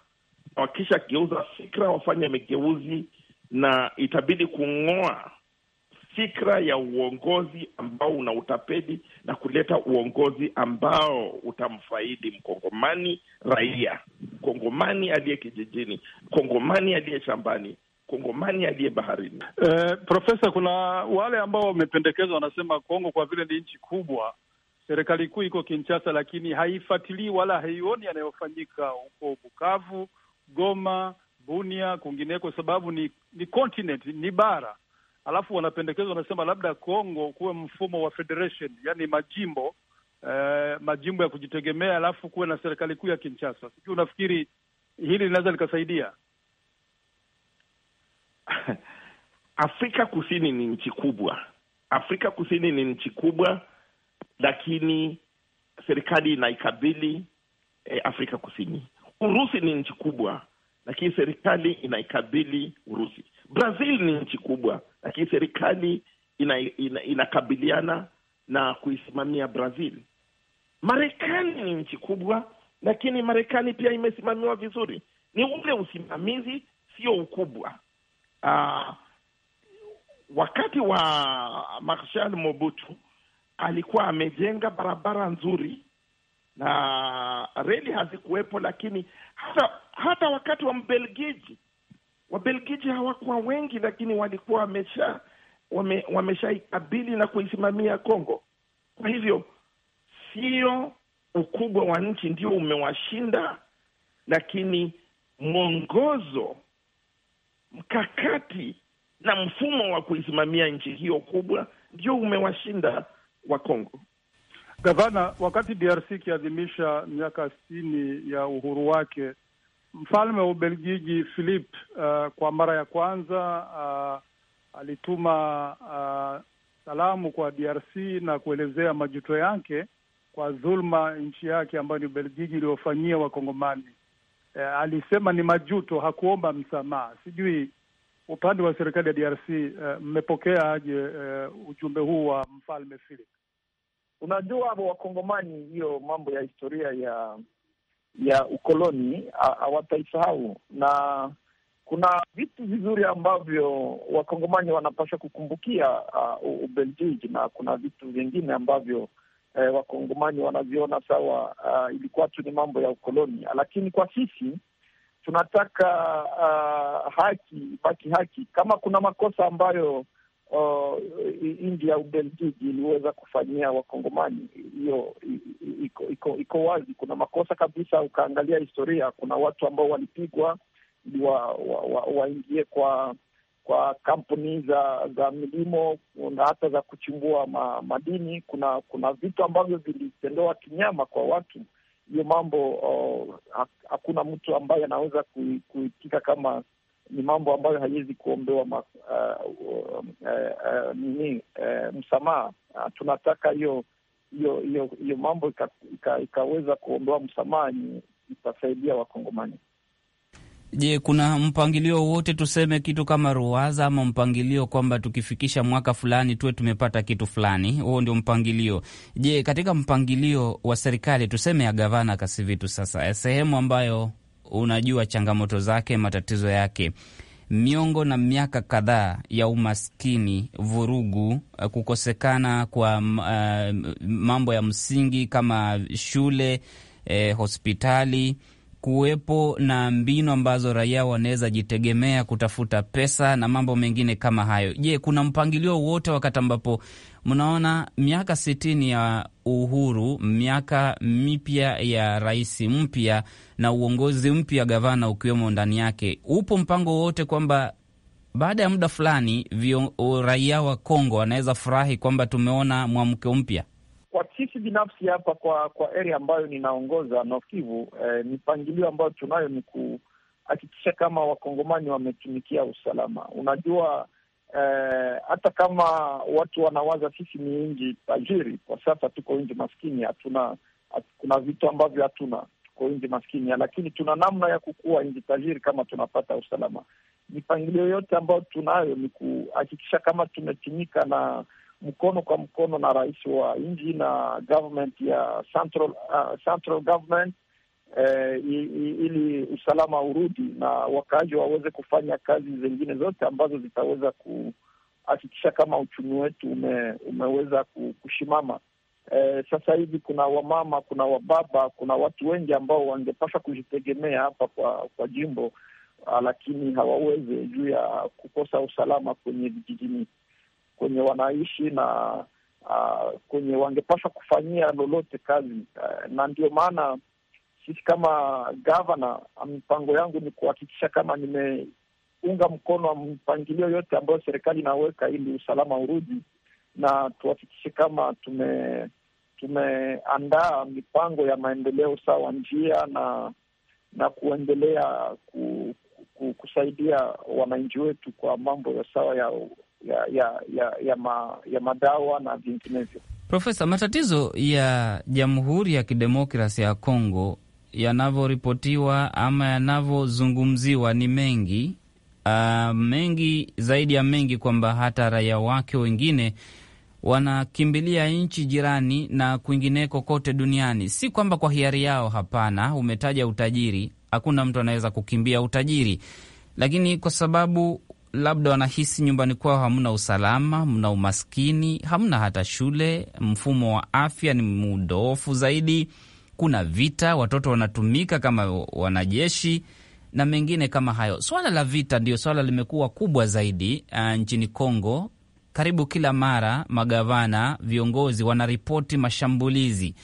na wakisha geuza fikra wafanye mageuzi, na itabidi kung'oa fikra ya uongozi ambao una utapeli na kuleta uongozi ambao utamfaidi mkongomani raia, mkongomani aliye kijijini, mkongomani aliye shambani mkongomani aliye baharini. Eh, Profesa, kuna wale ambao wamependekeza, wanasema Kongo kwa vile ni nchi kubwa, serikali kuu iko Kinshasa, lakini haifuatilii wala haioni yanayofanyika huko Bukavu, Goma, Bunia, kwingineko, sababu ni ni continent, ni bara. Alafu wanapendekeza, wanasema labda Kongo kuwe mfumo wa federation, yani majimbo eh, majimbo ya kujitegemea, alafu kuwe na serikali kuu ya Kinshasa. Sijui unafikiri hili linaweza likasaidia? Afrika Kusini ni nchi kubwa. Afrika Kusini ni nchi kubwa, lakini serikali inaikabili eh, Afrika Kusini. Urusi ni nchi kubwa, lakini serikali inaikabili Urusi. Brazil ni nchi kubwa, lakini serikali ina, ina, inakabiliana na kuisimamia Brazil. Marekani ni nchi kubwa, lakini Marekani pia imesimamiwa vizuri. Ni ule usimamizi, sio ukubwa uh, wakati wa Marshal Mobutu alikuwa amejenga barabara nzuri na reli hazikuwepo, lakini hata, hata wakati wa Mbelgiji Wabelgiji hawakuwa wengi, lakini walikuwa wamesha wame, wameshaikabili na kuisimamia Kongo. Kwa hivyo sio ukubwa wa nchi ndio umewashinda, lakini mwongozo mkakati na mfumo wa kuisimamia nchi hiyo kubwa ndio umewashinda wa Kongo. Gavana, wakati DRC ikiadhimisha miaka sitini ya uhuru wake, mfalme wa Ubelgiji Philip uh, kwa mara ya kwanza uh, alituma uh, salamu kwa DRC na kuelezea majuto yake kwa dhuluma nchi yake ambayo ni Ubelgiji iliyofanyia Wakongomani eh, alisema ni majuto, hakuomba msamaha. Sijui upande wa serikali ya DRC eh, mmepokea aje eh, ujumbe huu wa mfalme Philip? Unajua hapo wakongomani hiyo mambo ya historia ya ya ukoloni hawataisahau, na kuna vitu vizuri ambavyo wakongomani wanapasha kukumbukia ah, uh, Ubeljiji, na kuna vitu vingine ambavyo eh, wakongomani wanaviona sawa. Uh, ilikuwa tu ni mambo ya ukoloni, lakini kwa sisi tunataka uh, haki baki haki. Kama kuna makosa ambayo uh, India Ubelgiji iliweza kufanyia wakongomani, hiyo iko, iko, iko wazi. Kuna makosa kabisa, ukaangalia historia, kuna watu ambao walipigwa ili waingie wa, wa, wa kwa kwa kampuni za za milimo na hata za kuchimbua ma, madini. Kuna kuna vitu ambavyo vilitendewa kinyama kwa watu. Hiyo mambo oh, hakuna mtu ambaye anaweza kuitika kama ni mambo ambayo haiwezi kuombewa ma, uh, uh, uh, nini uh, msamaha. Uh, tunataka hiyo hiyo hiyo mambo ikaweza ika, ika kuombewa msamaha, itasaidia Wakongomani. Je, kuna mpangilio wote, tuseme kitu kama ruwaza ama mpangilio kwamba tukifikisha mwaka fulani tuwe tumepata kitu fulani? Huo ndio mpangilio. Je, katika mpangilio wa serikali tuseme ya gavana Kasivitu, sasa eh, sehemu ambayo unajua changamoto zake, matatizo yake miongo na miaka kadhaa ya umaskini, vurugu, eh, kukosekana kwa uh, mambo ya msingi kama shule eh, hospitali kuwepo na mbinu ambazo raia wanaweza jitegemea kutafuta pesa na mambo mengine kama hayo. Je, kuna mpangilio wote wakati ambapo mnaona miaka sitini ya uhuru, miaka mipya ya rais mpya na uongozi mpya, gavana ukiwemo ndani yake, upo mpango wote kwamba baada ya muda fulani raia wa Kongo wanaweza furahi kwamba tumeona mwamke mpya? kwa sisi binafsi hapa kwa kwa area ambayo ninaongoza North Kivu, eh, mipangilio ambayo tunayo ni kuhakikisha kama wakongomani wametumikia usalama. Unajua eh, hata kama watu wanawaza sisi ni nji tajiri, kwa sasa tuko nji maskini, hatuna at, kuna vitu ambavyo hatuna, tuko nji maskini, lakini tuna namna ya kukua nji tajiri kama tunapata usalama. Mipangilio yote ambayo tunayo ni kuhakikisha kama tumetumika na mkono kwa mkono na rais wa nji na government ya central, uh, central government eh, ili usalama urudi na wakaaji waweze kufanya kazi zingine zote ambazo zitaweza kuhakikisha kama uchumi wetu ume, umeweza kushimama. Eh, sasa hivi kuna wamama, kuna wababa, kuna watu wengi ambao wangepasha kujitegemea hapa kwa, kwa jimbo, lakini hawaweze juu ya kukosa usalama kwenye vijijini kwenye wanaishi na uh, kwenye wangepashwa kufanyia lolote kazi uh, na ndio maana sisi kama gavana, mipango yangu ni kuhakikisha kama nimeunga mkono wa mpangilio yote ambayo serikali inaweka ili usalama urudi, na tuhakikishe kama tume tumeandaa mipango ya maendeleo sawa njia na na kuendelea ku, ku, kusaidia wananchi wetu kwa mambo ya sawa ya ya ya ya, ya, ma, ya madawa na vinginevyo. Profesa, matatizo ya Jamhuri ya Kidemokrasi ya Kongo yanavyoripotiwa ama yanavyozungumziwa ni mengi uh, mengi zaidi ya mengi, kwamba hata raia wake wengine wanakimbilia nchi jirani na kwingineko kote duniani. Si kwamba kwa hiari yao, hapana. Umetaja utajiri, hakuna mtu anaweza kukimbia utajiri, lakini kwa sababu labda wanahisi nyumbani kwao hamna usalama, mna umaskini, hamna hata shule, mfumo wa afya ni mudoofu zaidi, kuna vita, watoto wanatumika kama wanajeshi na mengine kama hayo. Swala la vita ndio swala limekuwa kubwa zaidi uh, nchini Kongo. Karibu kila mara magavana, viongozi wanaripoti mashambulizi.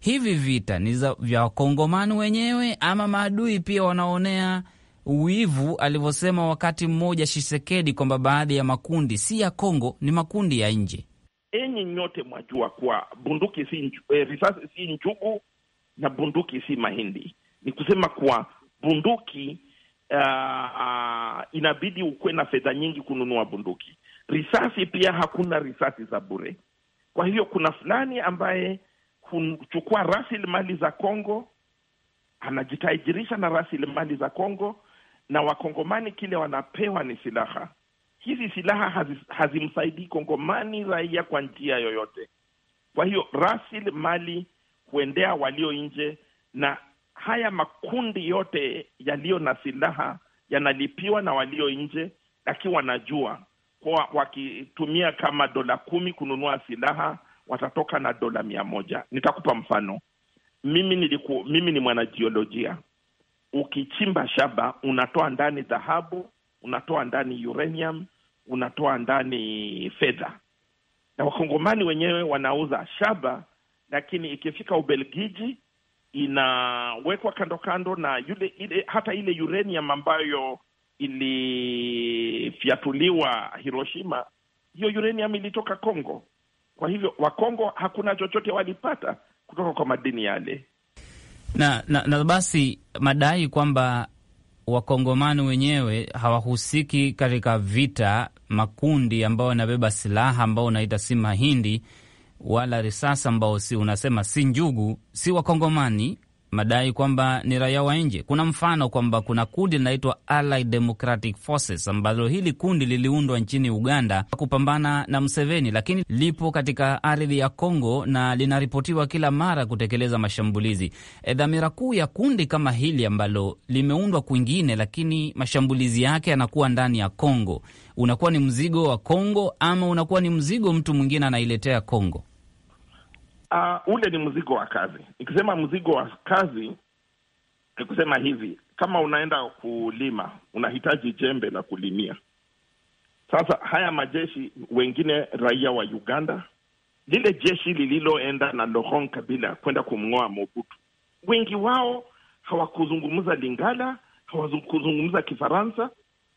Hivi vita ni vya wakongomani wenyewe ama maadui pia wanaonea uwivu alivyosema wakati mmoja Shisekedi kwamba baadhi ya makundi si ya Kongo, ni makundi ya nje. Enyi nyote mwajua kuwa bunduki si eh, risasi si njugu na bunduki si mahindi. Ni kusema kuwa bunduki uh, uh, inabidi ukuwe na fedha nyingi kununua bunduki. Risasi pia hakuna risasi za bure. Kwa hivyo kuna fulani ambaye huchukua rasilimali za Kongo, anajitajirisha na rasilimali za Kongo na Wakongomani kile wanapewa ni silaha. Hizi silaha hazi, hazimsaidii Kongomani raia kwa njia yoyote. Kwa hiyo mali huendea walio nje, na haya makundi yote yaliyo na silaha yanalipiwa na walio nje, lakini wanajua kwa wakitumia kama dola kumi kununua silaha watatoka na dola mia moja. Nitakupa mfano. Mimi niliku, mimi ni mwanajiolojia ukichimba shaba unatoa ndani dhahabu, unatoa ndani uranium, unatoa ndani fedha, na wakongomani wenyewe wanauza shaba, lakini ikifika Ubelgiji inawekwa kando kando na yule ile, hata ile uranium ambayo ilifyatuliwa Hiroshima, hiyo uranium ilitoka Kongo. Kwa hivyo Wakongo hakuna chochote walipata kutoka kwa madini yale na, na, na basi madai kwamba wakongomani wenyewe hawahusiki katika vita, makundi ambao yanabeba silaha ambao unaita si mahindi wala risasa ambao si unasema si njugu, si wakongomani madai kwamba ni raia wa nje. Kuna mfano kwamba kuna kundi linaitwa Allied Democratic Forces ambalo hili kundi liliundwa nchini Uganda kupambana na mseveni lakini lipo katika ardhi ya congo na linaripotiwa kila mara kutekeleza mashambulizi. E, dhamira kuu ya kundi kama hili ambalo limeundwa kwingine, lakini mashambulizi yake yanakuwa ndani ya congo unakuwa ni mzigo wa congo ama unakuwa ni mzigo mtu mwingine anailetea Kongo? Uh, ule ni mzigo wa kazi. Nikisema mzigo wa kazi ni kusema hivi, kama unaenda kulima unahitaji jembe la kulimia. Sasa haya majeshi wengine, raia wa Uganda, lile jeshi lililoenda na Laurent Kabila kwenda kumng'oa Mobutu, wengi wao hawakuzungumza Lingala, hawakuzungumza Kifaransa,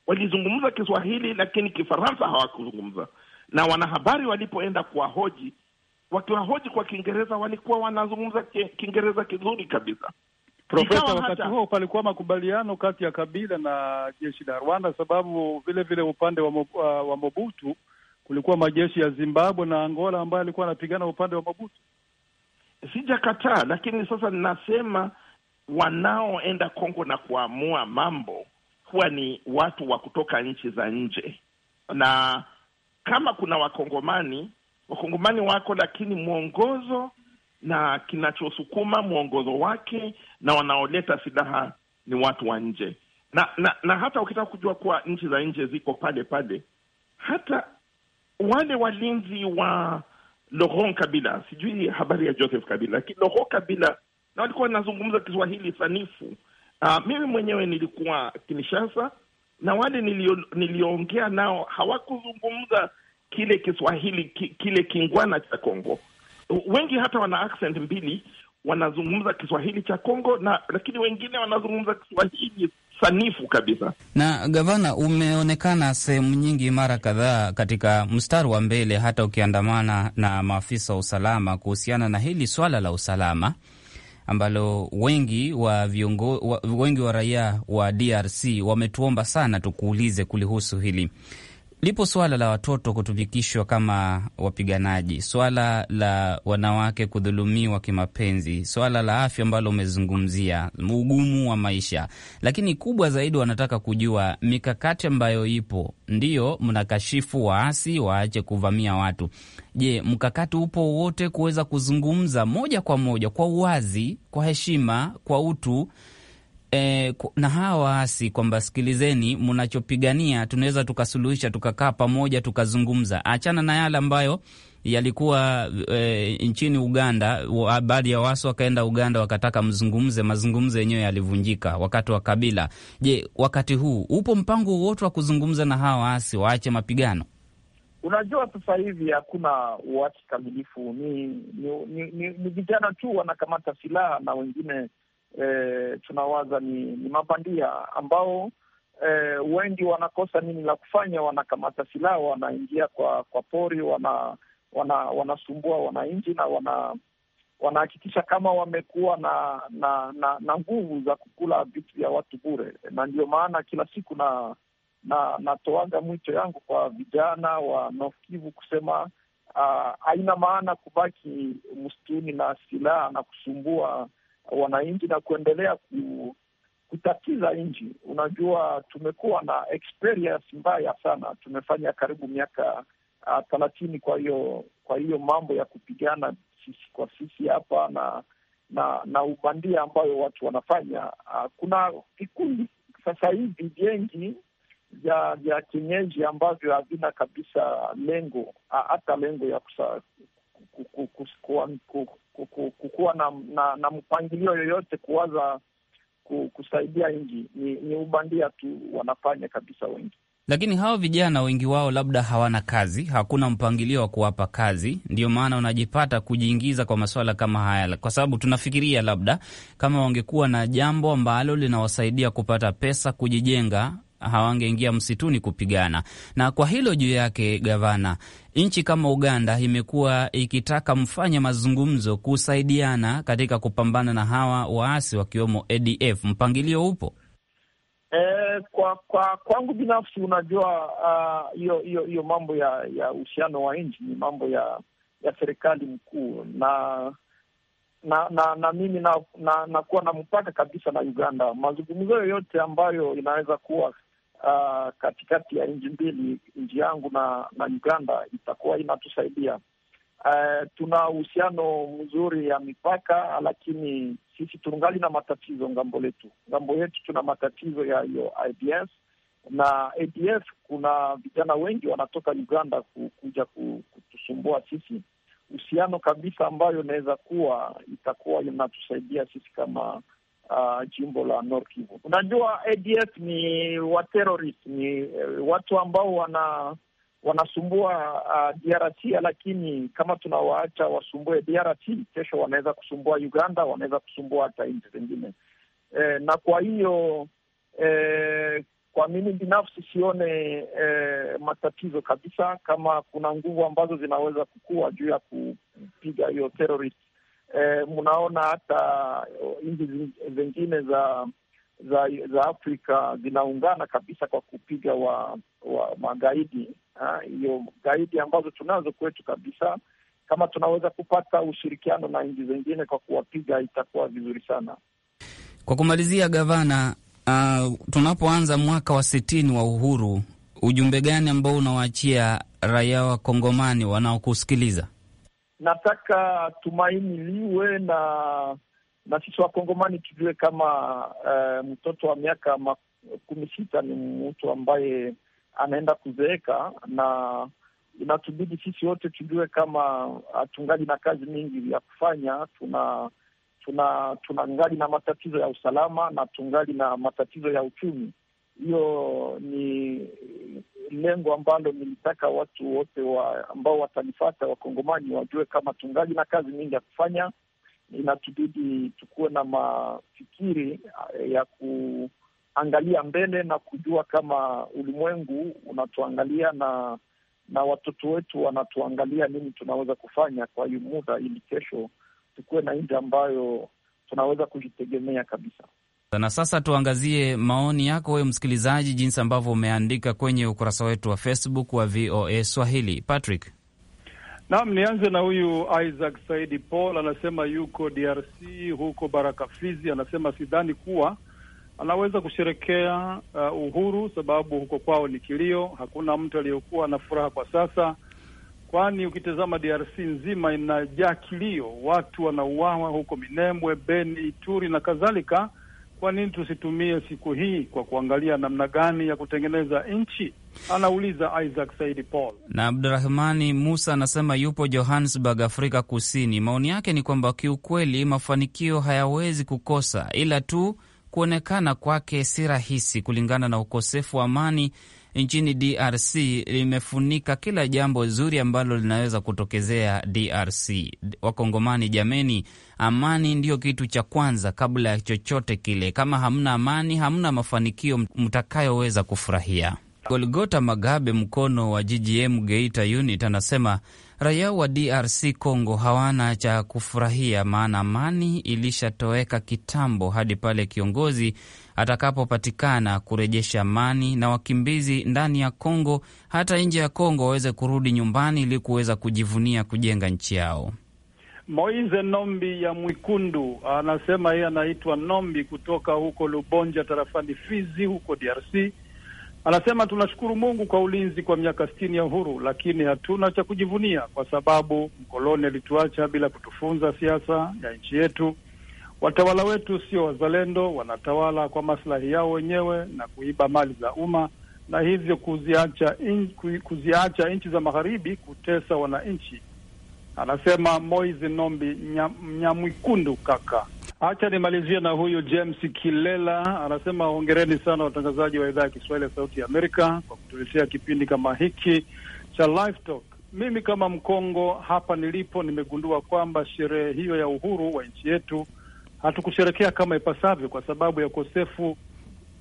walizungumza Kiswahili, lakini Kifaransa hawakuzungumza. Na wanahabari walipoenda kuwahoji wakiwahoji kwa Kiingereza walikuwa wanazungumza Kiingereza kizuri kabisa. Profesa, wakati huo palikuwa makubaliano kati ya Kabila na jeshi la Rwanda, sababu vile vile upande wa, uh, wa Mobutu kulikuwa majeshi ya Zimbabwe na Angola ambayo alikuwa anapigana upande wa Mobutu. Sijakataa, lakini sasa ninasema wanaoenda Kongo na kuamua mambo huwa ni watu wa kutoka nchi za nje, na kama kuna wakongomani wakongomani wako, lakini mwongozo na kinachosukuma mwongozo wake na wanaoleta silaha ni watu wa nje, na na, na hata ukitaka kujua kuwa nchi za nje ziko pale pale, hata wale walinzi wa Laurent Kabila, sijui habari ya Joseph Kabila, lakini Laurent Kabila na walikuwa wanazungumza Kiswahili sanifu. Uh, mimi mwenyewe nilikuwa Kinshasa na wale niliongea nao hawakuzungumza kile Kiswahili ki, kile kingwana cha Kongo. Wengi hata wana accent mbili, wanazungumza Kiswahili cha Kongo na lakini wengine wanazungumza Kiswahili sanifu kabisa. Na gavana, umeonekana sehemu nyingi mara kadhaa katika mstari wa mbele, hata ukiandamana na maafisa wa usalama kuhusiana na hili swala la usalama ambalo wengi wa viongo, wa, wengi wa raia wa DRC wametuomba sana tukuulize kulihusu hili lipo swala la watoto kutumikishwa kama wapiganaji, swala la wanawake kudhulumiwa kimapenzi, swala la afya ambalo umezungumzia, ugumu wa maisha, lakini kubwa zaidi wanataka kujua mikakati ambayo ipo. Ndiyo mnakashifu waasi waache kuvamia watu. Je, mkakati upo wote kuweza kuzungumza moja kwa moja kwa uwazi, kwa heshima, kwa utu E, na hawa waasi kwamba sikilizeni, mnachopigania tunaweza tukasuluhisha, tukakaa pamoja, tukazungumza, achana na yale ambayo yalikuwa e, nchini Uganda. Baadhi ya waasi wakaenda Uganda, wakataka mzungumze, mazungumzo yenyewe yalivunjika wakati wa Kabila. Je, wakati huu upo mpango wowote wa kuzungumza na hawa waasi waache mapigano? Unajua, sasa hivi hakuna uasi kamilifu, ni ni vijana tu wanakamata silaha na wengine e, tunawaza ni, ni mabandia ambao e, wengi wanakosa nini la kufanya, wanakamata silaha, wanaingia kwa kwa pori, wana, wana wanasumbua wananchi na wana wanahakikisha kama wamekuwa na na na, na nguvu za kukula vitu vya watu bure, na ndio maana kila siku na na natoaga mwito yangu kwa vijana wa North Kivu kusema haina uh, maana kubaki msituni na silaha na kusumbua wananchi na kuendelea ku, kutatiza nchi. Unajua, tumekuwa na experience mbaya sana, tumefanya karibu miaka ah, thelathini. Kwa hiyo kwa hiyo mambo ya kupigana sisi kwa sisi hapa na na na ubandia ambayo watu wanafanya. Uh, kuna vikundi sasa hivi vyengi vya vya kienyeji ambavyo havina kabisa lengo ah, hata lengo ya kusa, kukuwa na, na, na mpangilio yoyote kuwaza kusaidia nji ni, ni ubandia tu wanafanya kabisa wengi. Lakini hao vijana wengi wao labda hawana kazi, hakuna mpangilio wa kuwapa kazi, ndio maana unajipata kujiingiza kwa masuala kama haya, kwa sababu tunafikiria labda kama wangekuwa na jambo ambalo linawasaidia kupata pesa, kujijenga hawangeingia msituni kupigana. Na kwa hilo juu yake, gavana, nchi kama Uganda imekuwa ikitaka mfanye mazungumzo kusaidiana katika kupambana na hawa waasi wakiwemo ADF. Mpangilio upo? E, kwa kwa kwangu binafsi, unajua ah, hiyo uh, hiyo mambo ya ya uhusiano wa nchi ni mambo ya ya serikali mkuu na na na na mimi nakuwa na, na, na mpaka kabisa na Uganda. Mazungumzo yoyote ambayo inaweza kuwa uh, katikati ya nchi mbili, nchi yangu na, na Uganda itakuwa inatusaidia. Uh, tuna uhusiano mzuri ya mipaka, lakini sisi tungali na matatizo ngambo letu, ngambo yetu tuna matatizo ya hiyo IDF na ADF. Kuna vijana wengi wanatoka Uganda kuja kutusumbua sisi. Uhusiano kabisa ambayo inaweza kuwa itakuwa inatusaidia sisi kama uh, jimbo la North Kivu. Unajua, ADF ni waterorist ni uh, watu ambao wana wanasumbua uh, DRC, lakini kama tunawaacha wasumbue DRC, kesho wanaweza kusumbua Uganda, wanaweza kusumbua hata nchi zingine e, na kwa hiyo e, kwa mimi binafsi sione e, matatizo kabisa kama kuna nguvu ambazo zinaweza kukua juu ya kupiga hiyo terrorist e, mnaona hata eh, nchi zingine za za za Afrika zinaungana kabisa kwa kupiga wa, wa magaidi hiyo gaidi ambazo tunazo kwetu kabisa. Kama tunaweza kupata ushirikiano na nchi zingine kwa kuwapiga itakuwa vizuri sana. Kwa kumalizia, gavana, uh, tunapoanza mwaka wa sitini wa uhuru, ujumbe gani ambao unawaachia raia wa Kongomani wanaokusikiliza? nataka tumaini liwe na na sisi Wakongomani tujue kama uh, mtoto wa miaka kumi sita ni mtu ambaye anaenda kuzeeka, na inatubidi sisi wote tujue kama hatungali na kazi mingi ya kufanya. Tuna tuna tunangali na matatizo ya usalama na tungali na matatizo ya uchumi. Hiyo ni lengo ambalo nilitaka watu wote wa, ambao watanifata wakongomani wajue kama tungaji na kazi mingi ya kufanya. Inatubidi tukuwe na mafikiri eh, ya kuangalia mbele na kujua kama ulimwengu unatuangalia na na watoto wetu wanatuangalia, nini tunaweza kufanya kwa hii muda, ili kesho tukuwe na nji ambayo tunaweza kujitegemea kabisa. Na sasa tuangazie maoni yako wewe msikilizaji, jinsi ambavyo umeandika kwenye ukurasa wetu wa Facebook wa VOA Swahili. Patrick Naam, nianze na huyu Isaac Saidi Paul, anasema yuko DRC huko Baraka, Fizi. Anasema sidhani kuwa anaweza kusherekea uh, uhuru sababu huko kwao ni kilio. Hakuna mtu aliyekuwa na furaha kwa sasa, kwani ukitazama DRC nzima inajaa kilio, watu wanauawa huko Minembwe, Beni, Ituri na kadhalika. Kwa nini tusitumie siku hii kwa kuangalia namna gani ya kutengeneza nchi? Anauliza Isaac Saidi Paul. Na Abdurahmani Musa anasema yupo Johannesburg, Afrika Kusini. Maoni yake ni kwamba kiukweli mafanikio hayawezi kukosa, ila tu kuonekana kwake si rahisi, kulingana na ukosefu wa amani nchini DRC limefunika kila jambo zuri ambalo linaweza kutokezea DRC. Wakongomani jameni, amani ndiyo kitu cha kwanza kabla ya chochote kile. Kama hamna amani, hamna mafanikio mtakayoweza kufurahia. Golgota Magabe mkono wa GGM Geita unit anasema raia wa DRC Congo hawana cha kufurahia, maana amani ilishatoweka kitambo hadi pale kiongozi atakapopatikana kurejesha amani na wakimbizi ndani ya Kongo hata nje ya Kongo waweze kurudi nyumbani ili kuweza kujivunia kujenga nchi yao. Moize Nombi ya Mwikundu anasema yeye anaitwa Nombi kutoka huko Lubonja tarafani Fizi huko DRC. Anasema tunashukuru Mungu kwa ulinzi kwa miaka sitini ya uhuru, lakini hatuna cha kujivunia kwa sababu mkoloni alituacha bila kutufunza siasa ya nchi yetu. Watawala wetu sio wazalendo, wanatawala kwa maslahi yao wenyewe na kuiba mali za umma na hivyo kuziacha in, kuziacha nchi za magharibi kutesa wananchi, anasema Moise Nombi Nyamwikundu. Kaka, acha nimalizie na huyu James Kilela, anasema hongereni sana watangazaji wa idhaa ya Kiswahili ya Sauti ya Amerika kwa kutuletea kipindi kama hiki cha Live Talk. Mimi kama Mkongo hapa nilipo, nimegundua kwamba sherehe hiyo ya uhuru wa nchi yetu hatukusherekea kama ipasavyo kwa sababu ya ukosefu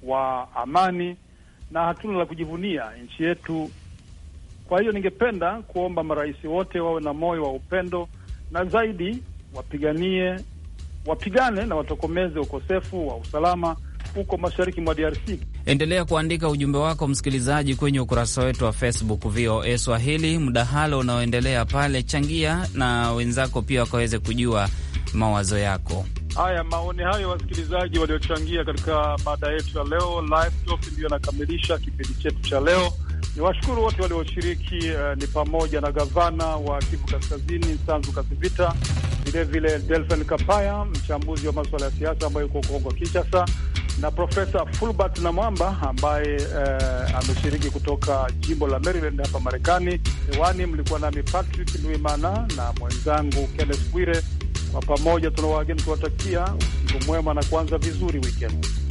wa amani na hatuna la kujivunia nchi yetu. Kwa hiyo ningependa kuomba marais wote wawe na moyo wa upendo na zaidi wapiganie, wapigane na watokomeze ukosefu wa usalama huko mashariki mwa DRC. Endelea kuandika ujumbe wako msikilizaji, kwenye ukurasa wetu wa Facebook VOA Swahili. Mdahalo unaoendelea pale, changia na wenzako pia wakaweze kujua mawazo yako. Haya maoni hayo wasikilizaji waliochangia katika mada yetu ya leo live talk ndiyo kipindi chetu cha leo. Ni washukuru wote walioshiriki. Uh, ni pamoja na gavana wa Kivu Kaskazini Sanzu Kasivita, vilevile Delphin Kapaya, mchambuzi wa maswala ya siasa ambaye yuko Kongo Kinshasa, na Profesa Fulbert Namwamba ambaye uh, ameshiriki kutoka jimbo la Maryland hapa Marekani. Hewani mlikuwa nami Patrick Luimana na mwenzangu Kenneth Bwire. Kwa pamoja tuna wageni kuwatakia mwema na kuanza vizuri weekend.